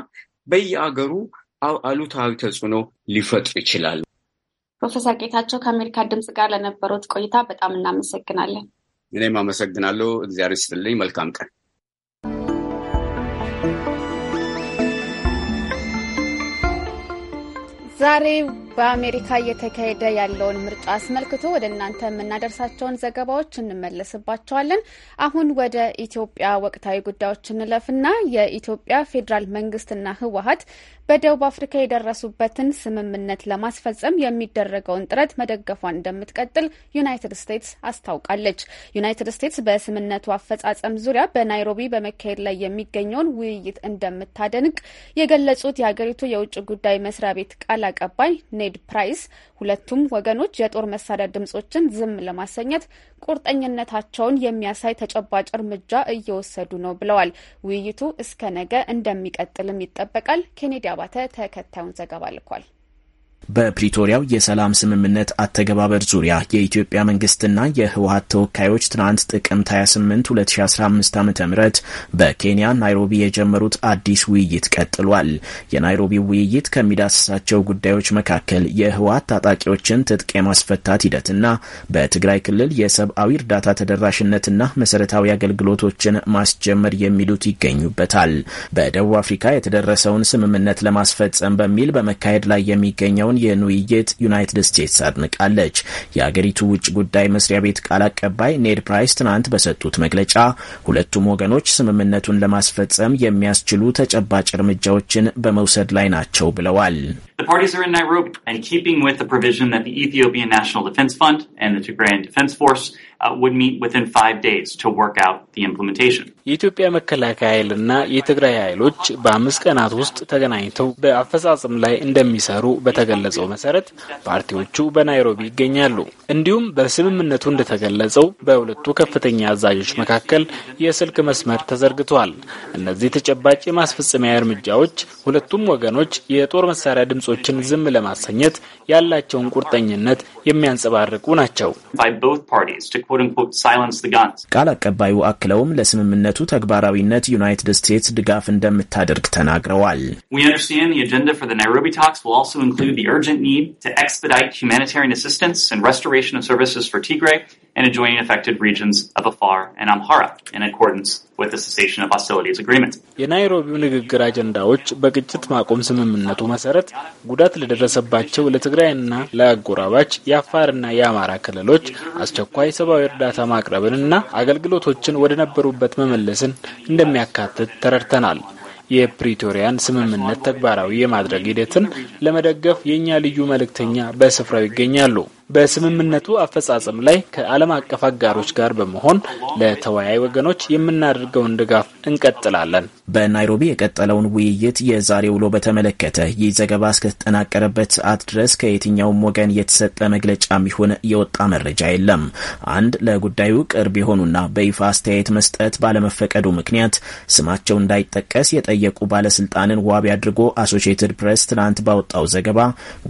በየአገሩ አሉታዊ ተጽዕኖ ሊፈጥር ይችላል። ፕሮፌሰር ጌታቸው ከአሜሪካ ድምፅ ጋር ለነበሩት ቆይታ በጣም እናመሰግናለን። እኔም አመሰግናለሁ። እግዚአብሔር ይስጥልኝ። መልካም ቀን ዛሬ በአሜሪካ እየተካሄደ ያለውን ምርጫ አስመልክቶ ወደ እናንተ የምናደርሳቸውን ዘገባዎች እንመለስባቸዋለን። አሁን ወደ ኢትዮጵያ ወቅታዊ ጉዳዮች እንለፍና የኢትዮጵያ ፌዴራል መንግስትና ህወሀት በደቡብ አፍሪካ የደረሱበትን ስምምነት ለማስፈጸም የሚደረገውን ጥረት መደገፏን እንደምትቀጥል ዩናይትድ ስቴትስ አስታውቃለች። ዩናይትድ ስቴትስ በስምምነቱ አፈጻጸም ዙሪያ በናይሮቢ በመካሄድ ላይ የሚገኘውን ውይይት እንደምታደንቅ የገለጹት የሀገሪቱ የውጭ ጉዳይ መስሪያ ቤት ቃል አቀባይ ኔድ ፕራይስ ሁለቱም ወገኖች የጦር መሳሪያ ድምጾችን ዝም ለማሰኘት ቁርጠኝነታቸውን የሚያሳይ ተጨባጭ እርምጃ እየወሰዱ ነው ብለዋል። ውይይቱ እስከ ነገ እንደሚቀጥልም ይጠበቃል። ኬኔዲ አባተ ተከታዩን ዘገባ ልኳል። በፕሪቶሪያው የሰላም ስምምነት አተገባበር ዙሪያ የኢትዮጵያ መንግስትና የህወሀት ተወካዮች ትናንት ጥቅምት 28 2015 ዓ ም በኬንያ ናይሮቢ የጀመሩት አዲስ ውይይት ቀጥሏል። የናይሮቢው ውይይት ከሚዳስሳቸው ጉዳዮች መካከል የህወሀት ታጣቂዎችን ትጥቅ የማስፈታት ሂደትና በትግራይ ክልል የሰብአዊ እርዳታ ተደራሽነትና መሰረታዊ አገልግሎቶችን ማስጀመር የሚሉት ይገኙበታል። በደቡብ አፍሪካ የተደረሰውን ስምምነት ለማስፈጸም በሚል በመካሄድ ላይ የሚገኘው የተከናወነውን የኑይጌት ዩናይትድ ስቴትስ አድንቃለች። የአገሪቱ ውጭ ጉዳይ መስሪያ ቤት ቃል አቀባይ ኔድ ፕራይስ ትናንት በሰጡት መግለጫ ሁለቱም ወገኖች ስምምነቱን ለማስፈጸም የሚያስችሉ ተጨባጭ እርምጃዎችን በመውሰድ ላይ ናቸው ብለዋል። The parties are in Nairobi, and keeping with the provision that the Ethiopian National Defense Fund and the Tigrayan Defense Force uh, would meet within five days to work out the implementation. የኢትዮጵያ መከላከያ ኃይልና የትግራይ ኃይሎች በአምስት ቀናት ውስጥ ተገናኝተው በአፈጻጸም ላይ እንደሚሰሩ በተገለጸው መሰረት ፓርቲዎቹ በናይሮቢ ይገኛሉ። እንዲሁም በስምምነቱ እንደተገለጸው በሁለቱ ከፍተኛ አዛዦች መካከል የስልክ መስመር ተዘርግቷል። እነዚህ ተጨባጭ የማስፈጸሚያ እርምጃዎች ሁለቱም ወገኖች የጦር መሳሪያ ድምፅ ድምጾችን ዝም ለማሰኘት ያላቸውን ቁርጠኝነት የሚያንጸባርቁ ናቸው። ቃል አቀባዩ አክለውም ለስምምነቱ ተግባራዊነት ዩናይትድ ስቴትስ ድጋፍ እንደምታደርግ ተናግረዋል። የናይሮቢው ንግግር አጀንዳዎች በግጭት ማቆም ስምምነቱ መሰረት ጉዳት ለደረሰባቸው ለትግራይ ለትግራይና ለአጎራባች የአፋርና የአማራ ክልሎች አስቸኳይ ሰብአዊ እርዳታ ማቅረብንና አገልግሎቶችን ወደ ነበሩበት መመለስን እንደሚያካትት ተረድተናል። የፕሪቶሪያን ስምምነት ተግባራዊ የማድረግ ሂደትን ለመደገፍ የእኛ ልዩ መልእክተኛ በስፍራው ይገኛሉ። በስምምነቱ አፈጻጸም ላይ ከዓለም አቀፍ አጋሮች ጋር በመሆን ለተወያይ ወገኖች የምናደርገውን ድጋፍ እንቀጥላለን። በናይሮቢ የቀጠለውን ውይይት የዛሬ ውሎ በተመለከተ ይህ ዘገባ እስከተጠናቀረበት ሰዓት ድረስ ከየትኛውም ወገን የተሰጠ መግለጫ የሚሆን የወጣ መረጃ የለም። አንድ ለጉዳዩ ቅርብ የሆኑና በይፋ አስተያየት መስጠት ባለመፈቀዱ ምክንያት ስማቸው እንዳይጠቀስ የጠየቁ ባለስልጣንን ዋቢ አድርጎ አሶሺየትድ ፕሬስ ትናንት ባወጣው ዘገባ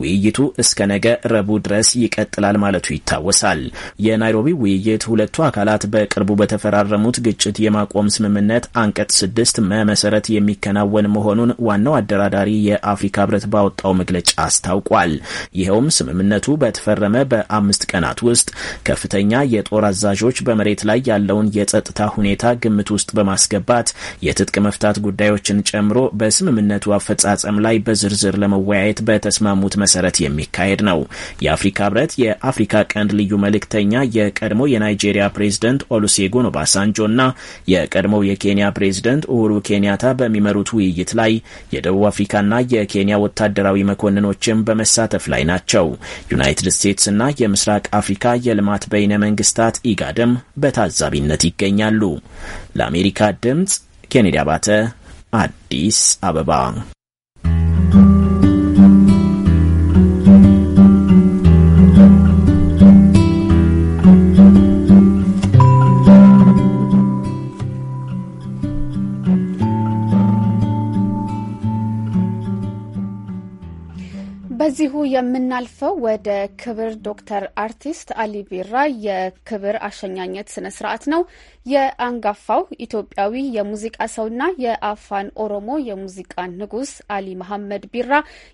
ውይይቱ እስከ ነገ ረቡዕ ድረስ ይቀጥ ይቀጥላል ማለቱ ይታወሳል። የናይሮቢ ውይይት ሁለቱ አካላት በቅርቡ በተፈራረሙት ግጭት የማቆም ስምምነት አንቀጽ ስድስት መመሰረት የሚከናወን መሆኑን ዋናው አደራዳሪ የአፍሪካ ህብረት ባወጣው መግለጫ አስታውቋል። ይኸውም ስምምነቱ በተፈረመ በአምስት ቀናት ውስጥ ከፍተኛ የጦር አዛዦች በመሬት ላይ ያለውን የጸጥታ ሁኔታ ግምት ውስጥ በማስገባት የትጥቅ መፍታት ጉዳዮችን ጨምሮ በስምምነቱ አፈጻጸም ላይ በዝርዝር ለመወያየት በተስማሙት መሰረት የሚካሄድ ነው። የአፍሪካ ህብረት የአፍሪካ ቀንድ ልዩ መልእክተኛ የቀድሞ የናይጄሪያ ፕሬዝደንት ኦሉሴጉን እና የቀድሞው የኬንያ ፕሬዝደንት ኡሁሩ ኬንያታ በሚመሩት ውይይት ላይ የደቡብ አፍሪካና የኬንያ ወታደራዊ መኮንኖችም በመሳተፍ ላይ ናቸው። ዩናይትድ ና የምስራቅ አፍሪካ የልማት በይነ መንግስታት ኢጋድም በታዛቢነት ይገኛሉ። ለአሜሪካ ድምጽ ኬኔዲ አባተ አዲስ አበባ በዚሁ የምናልፈው ወደ ክብር ዶክተር አርቲስት አሊ ቢራ የክብር አሸኛኘት ስነ ስርዓት ነው። የአንጋፋው ኢትዮጵያዊ የሙዚቃ ሰውና የአፋን ኦሮሞ የሙዚቃ ንጉስ አሊ መሐመድ ቢራ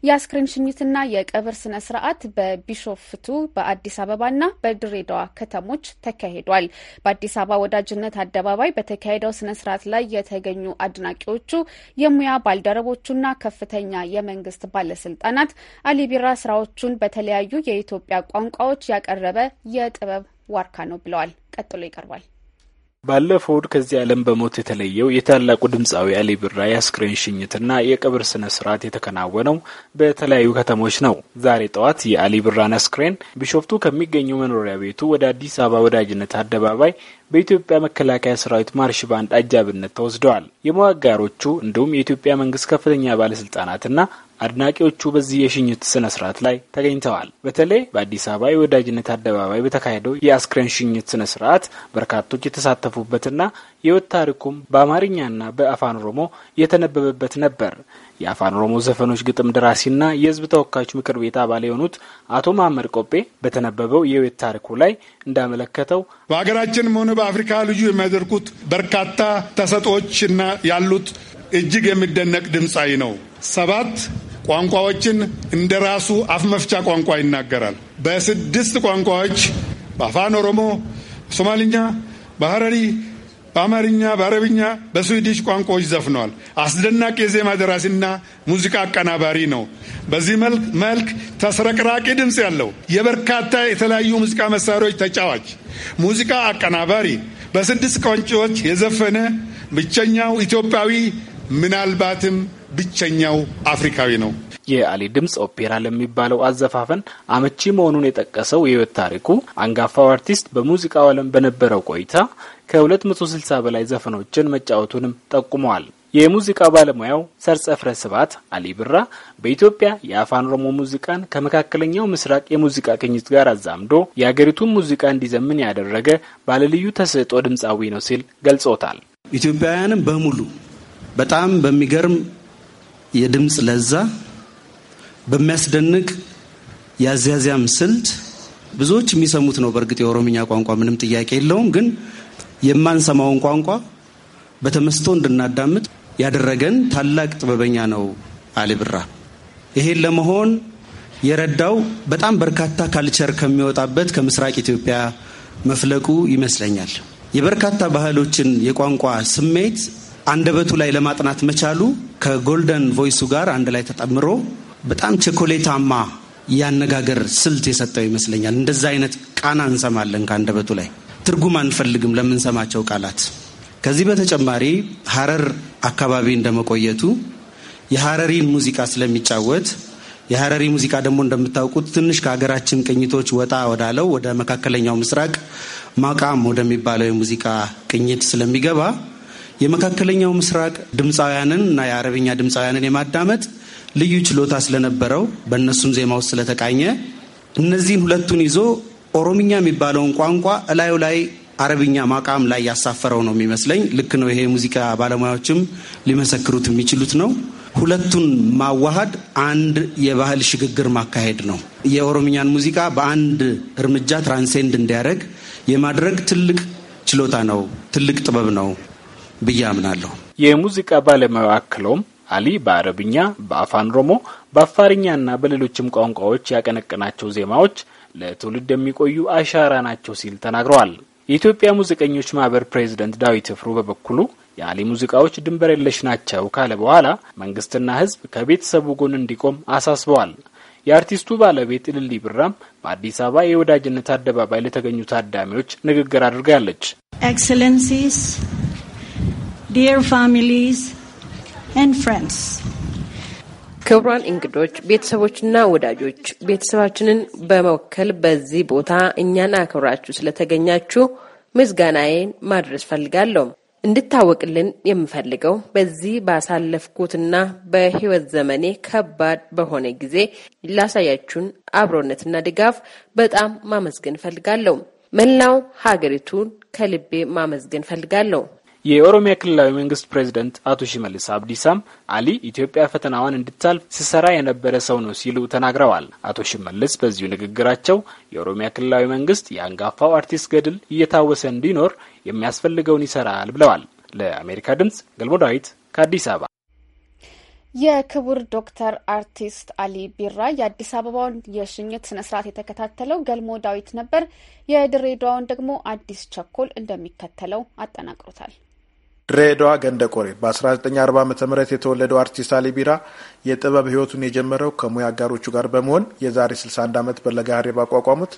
የአስክሬን ሽኝትና የቀብር ስነ ስርዓት በቢሾፍቱ በአዲስ አበባና በድሬዳዋ ከተሞች ተካሂዷል። በአዲስ አበባ ወዳጅነት አደባባይ በተካሄደው ስነ ስርዓት ላይ የተገኙ አድናቂዎቹ፣ የሙያ ባልደረቦቹና ከፍተኛ የመንግስት ባለስልጣናት አሊ ቢራ ስራዎቹን በተለያዩ የኢትዮጵያ ቋንቋዎች ያቀረበ የጥበብ ዋርካ ነው ብለዋል። ቀጥሎ ይቀርባል። ባለፈው እሁድ ከዚህ ዓለም በሞት የተለየው የታላቁ ድምፃዊ አሊ ቢራ የአስክሬን ሽኝትና የቀብር ስነ ስርዓት የተከናወነው በተለያዩ ከተሞች ነው። ዛሬ ጠዋት የአሊ ቢራን አስክሬን ቢሾፍቱ ከሚገኘው መኖሪያ ቤቱ ወደ አዲስ አበባ ወዳጅነት አደባባይ በኢትዮጵያ መከላከያ ሰራዊት ማርሽ ባንድ አጃብነት ተወስደዋል። የመዋጋሮቹ እንዲሁም የኢትዮጵያ መንግስት ከፍተኛ ባለስልጣናትና አድናቂዎቹ በዚህ የሽኝት ስነ ስርዓት ላይ ተገኝተዋል። በተለይ በአዲስ አበባ የወዳጅነት አደባባይ በተካሄደው የአስክሬን ሽኝት ስነ ስርዓት በርካቶች የተሳተፉበትና የወት ታሪኩም በአማርኛና በአፋን ኦሮሞ የተነበበበት ነበር። የአፋን ኦሮሞ ዘፈኖች ግጥም ደራሲና የህዝብ ተወካዮች ምክር ቤት አባል የሆኑት አቶ መሀመድ ቆጴ በተነበበው የወት ታሪኩ ላይ እንዳመለከተው በሀገራችንም ሆነ በአፍሪካ ልዩ የሚያደርጉት በርካታ ተሰጦች እና ያሉት እጅግ የሚደነቅ ድምፃዊ ነው። ሰባት ቋንቋዎችን እንደ ራሱ አፍ መፍቻ ቋንቋ ይናገራል። በስድስት ቋንቋዎች በአፋን ኦሮሞ፣ በሶማልኛ፣ በሐረሪ፣ በአማርኛ፣ በአረብኛ፣ በስዊዲሽ ቋንቋዎች ዘፍነዋል። አስደናቂ የዜማ ደራሲና ሙዚቃ አቀናባሪ ነው። በዚህ መልክ ተስረቅራቂ ድምፅ ያለው የበርካታ የተለያዩ ሙዚቃ መሳሪያዎች ተጫዋች፣ ሙዚቃ አቀናባሪ፣ በስድስት ቋንቋዎች የዘፈነ ብቸኛው ኢትዮጵያዊ ምናልባትም ብቸኛው አፍሪካዊ ነው። የአሊ ድምፅ ኦፔራ ለሚባለው አዘፋፈን አመቺ መሆኑን የጠቀሰው የህይወት ታሪኩ አንጋፋው አርቲስት በሙዚቃው ዓለም በነበረው ቆይታ ከ260 በላይ ዘፈኖችን መጫወቱንም ጠቁመዋል። የሙዚቃ ባለሙያው ሰርጸፍረ ስብሐት አሊ ብራ በኢትዮጵያ የአፋን ኦሮሞ ሙዚቃን ከመካከለኛው ምስራቅ የሙዚቃ ቅኝት ጋር አዛምዶ የአገሪቱን ሙዚቃ እንዲዘምን ያደረገ ባለልዩ ተሰጥኦ ድምፃዊ ነው ሲል ገልጾታል። ኢትዮጵያውያንም በሙሉ በጣም በሚገርም የድምፅ ለዛ፣ በሚያስደንቅ የአዝያዚያም ስልት ብዙዎች የሚሰሙት ነው። በእርግጥ የኦሮምኛ ቋንቋ ምንም ጥያቄ የለውም። ግን የማንሰማውን ቋንቋ በተመስጦ እንድናዳምጥ ያደረገን ታላቅ ጥበበኛ ነው አሊብራ ይሄን ለመሆን የረዳው በጣም በርካታ ካልቸር ከሚወጣበት ከምስራቅ ኢትዮጵያ መፍለቁ ይመስለኛል። የበርካታ ባህሎችን የቋንቋ ስሜት አንደበቱ ላይ ለማጥናት መቻሉ ከጎልደን ቮይሱ ጋር አንድ ላይ ተጠምሮ በጣም ቸኮሌታማ ያነጋገር ስልት የሰጠው ይመስለኛል። እንደዛ አይነት ቃና እንሰማለን ከአንደበቱ ላይ። ትርጉም አንፈልግም ለምንሰማቸው ቃላት። ከዚህ በተጨማሪ ሀረር አካባቢ እንደመቆየቱ የሀረሪን ሙዚቃ ስለሚጫወት የሀረሪ ሙዚቃ ደግሞ እንደምታውቁት ትንሽ ከሀገራችን ቅኝቶች ወጣ ወዳለው ወደ መካከለኛው ምስራቅ ማቃም ወደሚባለው የሙዚቃ ቅኝት ስለሚገባ የመካከለኛው ምስራቅ ድምፃውያንን እና የአረብኛ ድምፃውያንን የማዳመጥ ልዩ ችሎታ ስለነበረው በእነሱም ዜማ ውስጥ ስለተቃኘ እነዚህን ሁለቱን ይዞ ኦሮምኛ የሚባለውን ቋንቋ እላዩ ላይ አረብኛ ማቃም ላይ ያሳፈረው ነው የሚመስለኝ። ልክ ነው። ይሄ የሙዚቃ ባለሙያዎችም ሊመሰክሩት የሚችሉት ነው። ሁለቱን ማዋሃድ አንድ የባህል ሽግግር ማካሄድ ነው። የኦሮምኛን ሙዚቃ በአንድ እርምጃ ትራንሴንድ እንዲያደርግ የማድረግ ትልቅ ችሎታ ነው፣ ትልቅ ጥበብ ነው። ብዬ አምናለሁ። የሙዚቃ ባለሙያው አክለውም አሊ በአረብኛ፣ በአፋን ሮሞ፣ በአፋርኛና በሌሎችም ቋንቋዎች ያቀነቀናቸው ዜማዎች ለትውልድ የሚቆዩ አሻራ ናቸው ሲል ተናግረዋል። የኢትዮጵያ ሙዚቀኞች ማህበር ፕሬዚደንት ዳዊት እፍሩ በበኩሉ የአሊ ሙዚቃዎች ድንበር የለሽ ናቸው ካለ በኋላ መንግስትና ሕዝብ ከቤተሰቡ ጎን እንዲቆም አሳስበዋል። የአርቲስቱ ባለቤት እልሊ ብራም በአዲስ አበባ የወዳጅነት አደባባይ ለተገኙ ታዳሚዎች ንግግር አድርጋለች። ኤክሰለንሲስ ዲር ፋሚሊስ ኤንድ ፍሬንድስ ክቡራን እንግዶች፣ ቤተሰቦችና ወዳጆች ቤተሰባችንን በመወከል በዚህ ቦታ እኛን አክብራችሁ ስለተገኛችሁ ምስጋናዬን ማድረስ ፈልጋለሁ። እንድታወቅልን የምፈልገው በዚህ ባሳለፍኩትና በህይወት ዘመኔ ከባድ በሆነ ጊዜ ላሳያችሁን አብሮነትና ድጋፍ በጣም ማመስገን ፈልጋለሁ። መላው ሀገሪቱን ከልቤ ማመስገን ፈልጋለሁ። የኦሮሚያ ክልላዊ መንግስት ፕሬዚደንት አቶ ሽመልስ አብዲሳም አሊ ኢትዮጵያ ፈተናዋን እንድታልፍ ሲሰራ የነበረ ሰው ነው ሲሉ ተናግረዋል። አቶ ሽመልስ በዚሁ ንግግራቸው የኦሮሚያ ክልላዊ መንግስት የአንጋፋው አርቲስት ገድል እየታወሰ እንዲኖር የሚያስፈልገውን ይሰራል ብለዋል። ለአሜሪካ ድምጽ ገልሞ ዳዊት ከአዲስ አበባ። የክቡር ዶክተር አርቲስት አሊ ቢራ የአዲስ አበባውን የሽኝት ስነስርዓት የተከታተለው ገልሞ ዳዊት ነበር። የድሬዳዋውን ደግሞ አዲስ ቸኮል እንደሚከተለው አጠናቅሮታል። ድሬዳዋ ገንደ ቆሬ በ1940 ዓ ም የተወለደው አርቲስት አሊ ቢራ የጥበብ ህይወቱን የጀመረው ከሙያ አጋሮቹ ጋር በመሆን የዛሬ 61 ዓመት በለጋሪ ባቋቋሙት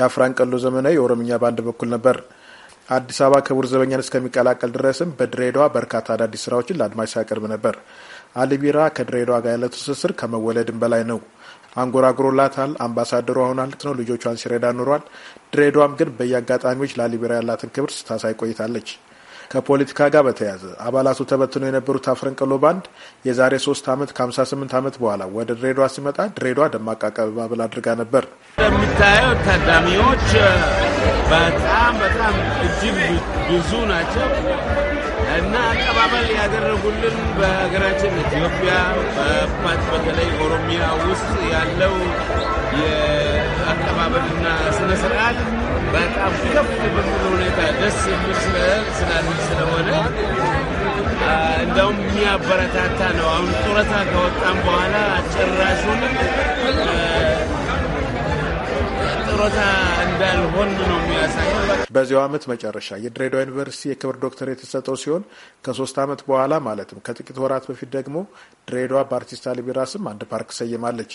የአፍራንቀሎ ዘመናዊ የኦሮምኛ ባንድ በኩል ነበር። አዲስ አበባ ክቡር ዘበኛን እስከሚቀላቀል ድረስም በድሬዳዋ በርካታ አዳዲስ ስራዎችን ለአድማጭ ሲያቀርብ ነበር። አሊ ቢራ ከድሬዳዋ ጋር ያለ ትስስር ከመወለድም በላይ ነው። አንጎራጉሮላታል፣ አምባሳደሩ ሆኗል ነው ልጆቿን ሲረዳ ኑሯል። ድሬዳዋም ግን በየአጋጣሚዎች ለአሊ ቢራ ያላትን ክብር ስታሳይ ቆይታለች። ከፖለቲካ ጋር በተያያዘ አባላቱ ተበትነው የነበሩት አፍረንቅሎ ባንድ የዛሬ ሶስት አመት ከ58 ዓመት በኋላ ወደ ድሬዷ ሲመጣ ድሬዷ ደማቅ አቀባበል አድርጋ ነበር። እንደምታየው ታዳሚዎች በጣም በጣም እጅግ ብዙ ናቸው እና አቀባበል ያደረጉልን በሀገራችን ኢትዮጵያ በተለይ ኦሮሚያ ውስጥ ያለው የአቀባበልና ስነስርዓት በጣም ከፍ በሚል ሁኔታ ደስ የሚል ስላሉኝ ስለሆነ እንደውም የሚያበረታታ ነው። አሁን ጡረታ ከወጣም በኋላ ጭራሹን ጡረታ እንዳልሆን ነው የሚያሳየው። በዚያው ዓመት መጨረሻ የድሬዳዋ ዩኒቨርሲቲ የክብር ዶክተር የተሰጠው ሲሆን ከሶስት ዓመት በኋላ ማለትም ከጥቂት ወራት በፊት ደግሞ ድሬዳዋ በአርቲስት አሊ ቢራስም አንድ ፓርክ ሰይማለች።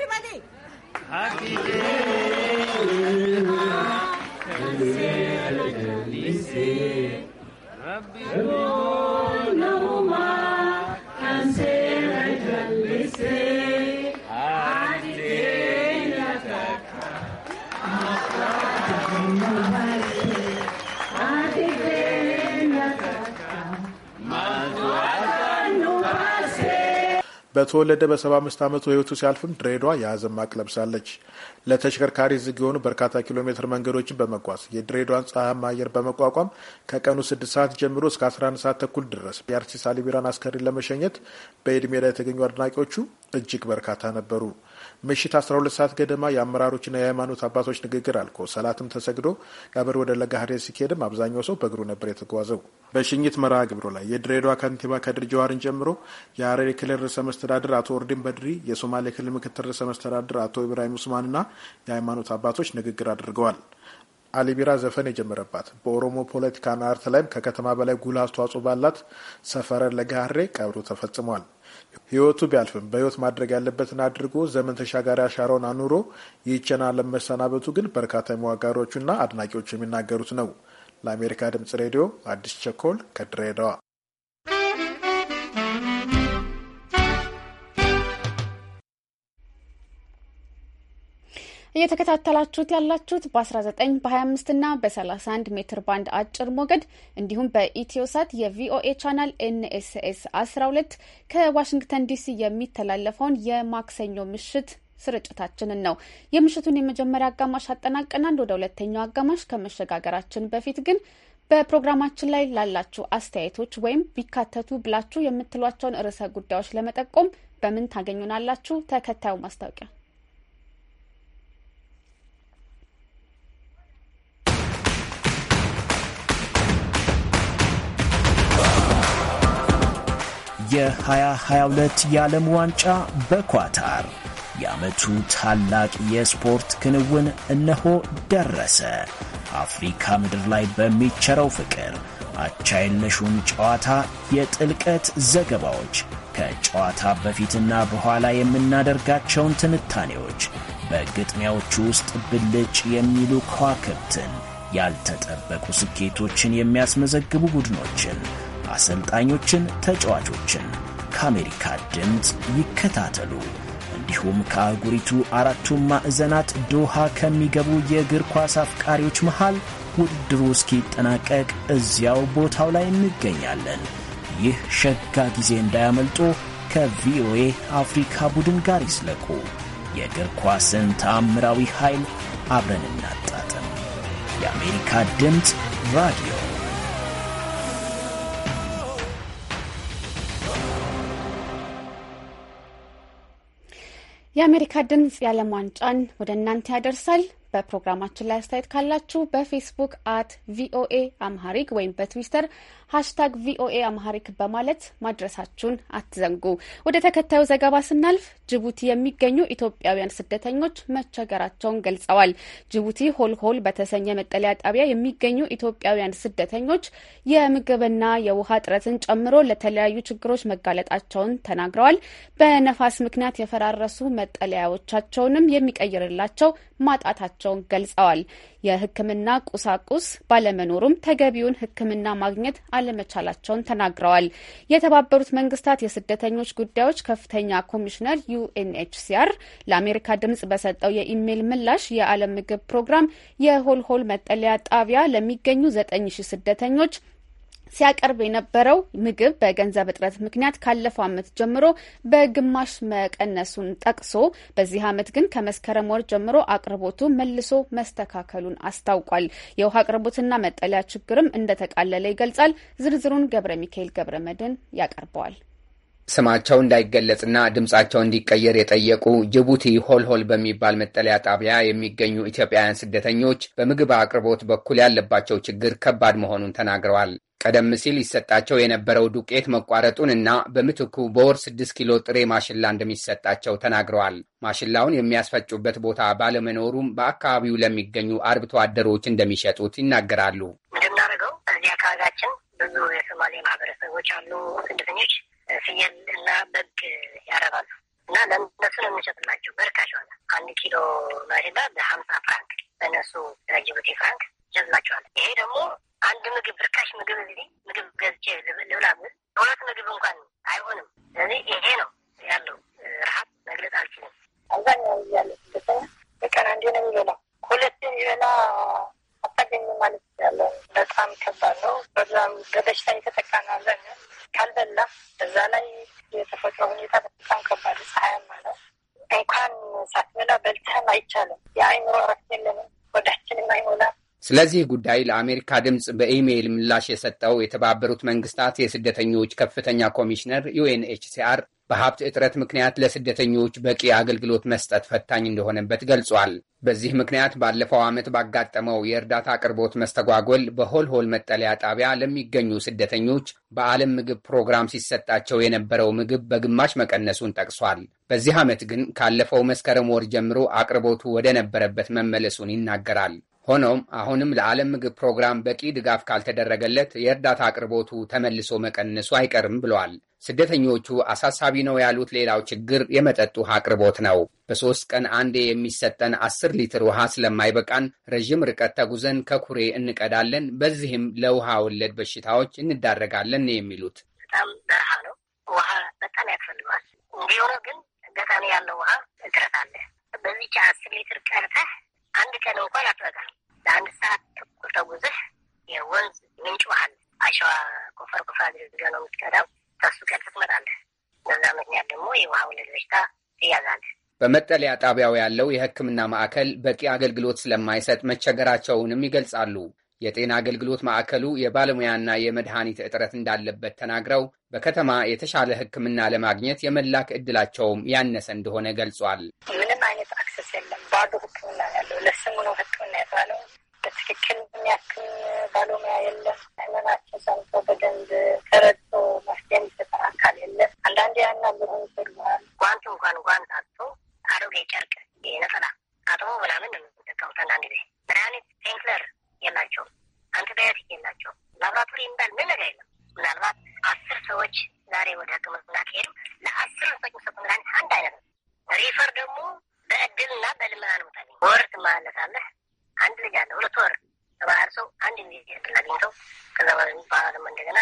everybody. Happy Happy Happy በተወለደ በ75 ዓመቱ ህይወቱ ሲያልፍም ድሬዷ የሀዘን ማቅ ለብሳለች። ለተሽከርካሪ ዝግ የሆኑ በርካታ ኪሎ ሜትር መንገዶችን በመጓዝ የድሬዷን ፀሐያማ አየር በመቋቋም ከቀኑ 6 ሰዓት ጀምሮ እስከ 11 ሰዓት ተኩል ድረስ የአርቲስት አሊ ቢራን አስከሬን ለመሸኘት በኢድሜዳ የተገኙ አድናቂዎቹ እጅግ በርካታ ነበሩ። ምሽት 12 ሰዓት ገደማ የአመራሮችና የሃይማኖት አባቶች ንግግር አልቆ ሰላትም ተሰግዶ ቀብር ወደ ለጋህር ሲካሄድም አብዛኛው ሰው በእግሩ ነበር የተጓዘው። በሽኝት መርሃ ግብሩ ላይ የድሬዳዋ ከንቲባ ከድር ጀዋርን ጀምሮ የሀረሪ ክልል ርዕሰ መስተዳድር አቶ ኦርዲን በድሪ፣ የሶማሌ ክልል ምክትል ርዕሰ መስተዳድር አቶ ኢብራሂም ኡስማንና የሃይማኖት አባቶች ንግግር አድርገዋል። አሊቢራ ዘፈን የጀመረባት በኦሮሞ ፖለቲካና አርት ላይም ከከተማ በላይ ጉልህ አስተዋጽኦ ባላት ሰፈረ ለጋህሬ ቀብሩ ተፈጽሟል። ህይወቱ ቢያልፍም በህይወት ማድረግ ያለበትን አድርጎ ዘመን ተሻጋሪ አሻራውን አኑሮ ይህችን ዓለም መሰናበቱ ግን በርካታ የሚዋጋሪዎቹና አድናቂዎቹ የሚናገሩት ነው። ለአሜሪካ ድምጽ ሬዲዮ አዲስ ቸኮል ከድሬዳዋ እየተከታተላችሁት ያላችሁት በ19 በ25 እና በ31 ሜትር ባንድ አጭር ሞገድ እንዲሁም በኢትዮሳት የቪኦኤ ቻናል ኤንኤስኤስ 12 ከዋሽንግተን ዲሲ የሚተላለፈውን የማክሰኞ ምሽት ስርጭታችንን ነው። የምሽቱን የመጀመሪያ አጋማሽ አጠናቀናል። ወደ ሁለተኛው አጋማሽ ከመሸጋገራችን በፊት ግን በፕሮግራማችን ላይ ላላችሁ አስተያየቶች ወይም ቢካተቱ ብላችሁ የምትሏቸውን ርዕሰ ጉዳዮች ለመጠቆም በምን ታገኙናላችሁ? ተከታዩ ማስታወቂያ የ2022 የዓለም ዋንጫ በኳታር የዓመቱ ታላቅ የስፖርት ክንውን እነሆ ደረሰ። አፍሪካ ምድር ላይ በሚቸረው ፍቅር አቻ የለሹን ጨዋታ የጥልቀት ዘገባዎች ከጨዋታ በፊትና በኋላ የምናደርጋቸውን ትንታኔዎች በግጥሚያዎቹ ውስጥ ብልጭ የሚሉ ከዋክብትን፣ ያልተጠበቁ ስኬቶችን የሚያስመዘግቡ ቡድኖችን አሰልጣኞችን፣ ተጫዋቾችን ከአሜሪካ ድምፅ ይከታተሉ። እንዲሁም ከአህጉሪቱ አራቱማ ማዕዘናት ዶሃ ከሚገቡ የእግር ኳስ አፍቃሪዎች መሃል ውድድሩ እስኪጠናቀቅ እዚያው ቦታው ላይ እንገኛለን። ይህ ሸጋ ጊዜ እንዳያመልጦ ከቪኦኤ አፍሪካ ቡድን ጋር ይስለቁ። የእግር ኳስን ተአምራዊ ኃይል አብረን እናጣጥም። የአሜሪካ ድምፅ ራዲዮ የአሜሪካ ድምጽ የዓለም ዋንጫን ወደ እናንተ ያደርሳል። በፕሮግራማችን ላይ አስተያየት ካላችሁ በፌስቡክ አት ቪኦኤ አምሃሪግ ወይም በትዊተር ሀሽታግ ቪኦኤ አምሃሪክ በማለት ማድረሳችሁን አትዘንጉ። ወደ ተከታዩ ዘገባ ስናልፍ ጅቡቲ የሚገኙ ኢትዮጵያውያን ስደተኞች መቸገራቸውን ገልጸዋል። ጅቡቲ ሆልሆል በተሰኘ መጠለያ ጣቢያ የሚገኙ ኢትዮጵያውያን ስደተኞች የምግብና የውሃ እጥረትን ጨምሮ ለተለያዩ ችግሮች መጋለጣቸውን ተናግረዋል። በነፋስ ምክንያት የፈራረሱ መጠለያዎቻቸውንም የሚቀይርላቸው ማጣታቸውን ገልጸዋል። የሕክምና ቁሳቁስ ባለመኖሩም ተገቢውን ሕክምና ማግኘት አለመቻላቸውን ተናግረዋል። የተባበሩት መንግስታት የስደተኞች ጉዳዮች ከፍተኛ ኮሚሽነር ዩኤንኤችሲአር ለአሜሪካ ድምጽ በሰጠው የኢሜይል ምላሽ የዓለም ምግብ ፕሮግራም የሆልሆል መጠለያ ጣቢያ ለሚገኙ ዘጠኝ ሺህ ስደተኞች ሲያቀርብ የነበረው ምግብ በገንዘብ እጥረት ምክንያት ካለፈው ዓመት ጀምሮ በግማሽ መቀነሱን ጠቅሶ በዚህ ዓመት ግን ከመስከረም ወር ጀምሮ አቅርቦቱ መልሶ መስተካከሉን አስታውቋል። የውሃ አቅርቦትና መጠለያ ችግርም እንደተቃለለ ይገልጻል። ዝርዝሩን ገብረ ሚካኤል ገብረ መድን ያቀርበዋል። ስማቸው እንዳይገለጽና ድምፃቸው እንዲቀየር የጠየቁ ጅቡቲ ሆልሆል በሚባል መጠለያ ጣቢያ የሚገኙ ኢትዮጵያውያን ስደተኞች በምግብ አቅርቦት በኩል ያለባቸው ችግር ከባድ መሆኑን ተናግረዋል። ቀደም ሲል ይሰጣቸው የነበረው ዱቄት መቋረጡን እና በምትኩ በወር ስድስት ኪሎ ጥሬ ማሽላ እንደሚሰጣቸው ተናግረዋል። ማሽላውን የሚያስፈጩበት ቦታ ባለመኖሩም በአካባቢው ለሚገኙ አርብቶ አደሮች እንደሚሸጡት ይናገራሉ። እንደምናደርገው እዚህ አካባቢያችን ብዙ የሶማሌ ማህበረሰቦች አሉ ስደተኞች ፍየል እና በግ ያረባሉ እና ለእነሱ ነው የምንሸጥላቸው። በርካሽ ሆነ አንድ ኪሎ ማሽላ በሀምሳ ፍራንክ በእነሱ ጅቡቲ ፍራንክ ይሸጥላቸዋለን። ይሄ ደግሞ አንድ ምግብ ብርካሽ ምግብ እዚህ ምግብ ገዝቼ ልብላ ሁለት ምግብ እንኳን አይሆንም። ስለዚህ ይሄ ነው ያለው ረሀብ መግለጽ አልችልም። አብዛኛው ያለ ስደተኛ በቀን አንዴ ነው የሚበላ፣ ሁለት የሚበላ አታገኝ ማለት ያለ በጣም ከባድ ነው። በዛም በበሽታ የተጠቃ ነው አብዛኛው ካልበላ እዛ ላይ የተፈጥሮ ሁኔታ በጣም ከባድ ፀሐያማ ነው። እንኳን ሳትበላ በልተህም አይቻልም። የአይምሮ እረፍት የለንም። ወዳችንም አይሞላም። ስለዚህ ጉዳይ ለአሜሪካ ድምፅ በኢሜይል ምላሽ የሰጠው የተባበሩት መንግስታት የስደተኞች ከፍተኛ ኮሚሽነር ዩኤንኤችሲአር በሀብት እጥረት ምክንያት ለስደተኞች በቂ አገልግሎት መስጠት ፈታኝ እንደሆነበት ገልጿል። በዚህ ምክንያት ባለፈው ዓመት ባጋጠመው የእርዳታ አቅርቦት መስተጓጎል በሆልሆል መጠለያ ጣቢያ ለሚገኙ ስደተኞች በዓለም ምግብ ፕሮግራም ሲሰጣቸው የነበረው ምግብ በግማሽ መቀነሱን ጠቅሷል። በዚህ ዓመት ግን ካለፈው መስከረም ወር ጀምሮ አቅርቦቱ ወደ ነበረበት መመለሱን ይናገራል። ሆኖም አሁንም ለዓለም ምግብ ፕሮግራም በቂ ድጋፍ ካልተደረገለት የእርዳታ አቅርቦቱ ተመልሶ መቀነሱ አይቀርም ብለዋል። ስደተኞቹ አሳሳቢ ነው ያሉት ሌላው ችግር የመጠጥ ውሃ አቅርቦት ነው። በሶስት ቀን አንዴ የሚሰጠን አስር ሊትር ውሃ ስለማይበቃን ረዥም ርቀት ተጉዘን ከኩሬ እንቀዳለን። በዚህም ለውሃ ወለድ በሽታዎች እንዳረጋለን ነው የሚሉት። በጣም በረሃ ነው። ውሃ በጣም ያስፈልገዋል። እንዲሆነ ግን ገጣሚ ያለው ውሃ እጥረት አለ። አስር ሊትር ቀርተህ አንድ ቀን እንኳን አትረጋም። ለአንድ ሰዓት ተኩል ተጉዘህ የወንዝ ምንጭ ውሃል አሸዋ ቆፈር ቆፈር አድርገህ ነው የምትቀዳው። ከሱ ቀን ትትመጣለህ። በዛ ምክንያት ደግሞ የውሃ ወለድ በሽታ ትያዛለህ። በመጠለያ ጣቢያው ያለው የሕክምና ማዕከል በቂ አገልግሎት ስለማይሰጥ መቸገራቸውንም ይገልጻሉ። የጤና አገልግሎት ማዕከሉ የባለሙያና የመድኃኒት እጥረት እንዳለበት ተናግረው በከተማ የተሻለ ሕክምና ለማግኘት የመላክ እድላቸውም ያነሰ እንደሆነ ገልጿል። ምንም አይነት አክሰስ የለም። ባዶ ሕክምና ያለው ለስሙ ነው ሕክምና የተባለው በትክክል የሚያክም ባለሙያ የለም። ህመማቸው ሰምቶ በደንብ ተረድቶ መፍትሄ የሚሰጥ አካል የለም። አንዳንድ ያና ብሆን ይፈልል ጓንት እንኳን ጓንት አቶ አሮጌ ጨርቅ ነጠላ አጥሞ ምናምን ነው የምንጠቀሙት። አንዳንድ ጊዜ መድኃኒት ፔንክለር የላቸውም፣ አንቲባዮቲክ የላቸውም። ላብራቶሪ የሚባል ምን ነገር የለም። ምናልባት አስር ሰዎች ዛሬ ወደ ሕክምና ከሄዱ ለአስር ሰዎች የሚሰጡ መድኃኒት አንድ አይነት ነው። ሪፈር ደግሞ በእድልና በልመና ነው ምታ ወር ትመላለሳለህ። አንድ ልጅ አለ ሁለት ወር ተባህር ሰው አንድ ጊዜ እድል አግኝተው ከዛ በኋላ እንደገና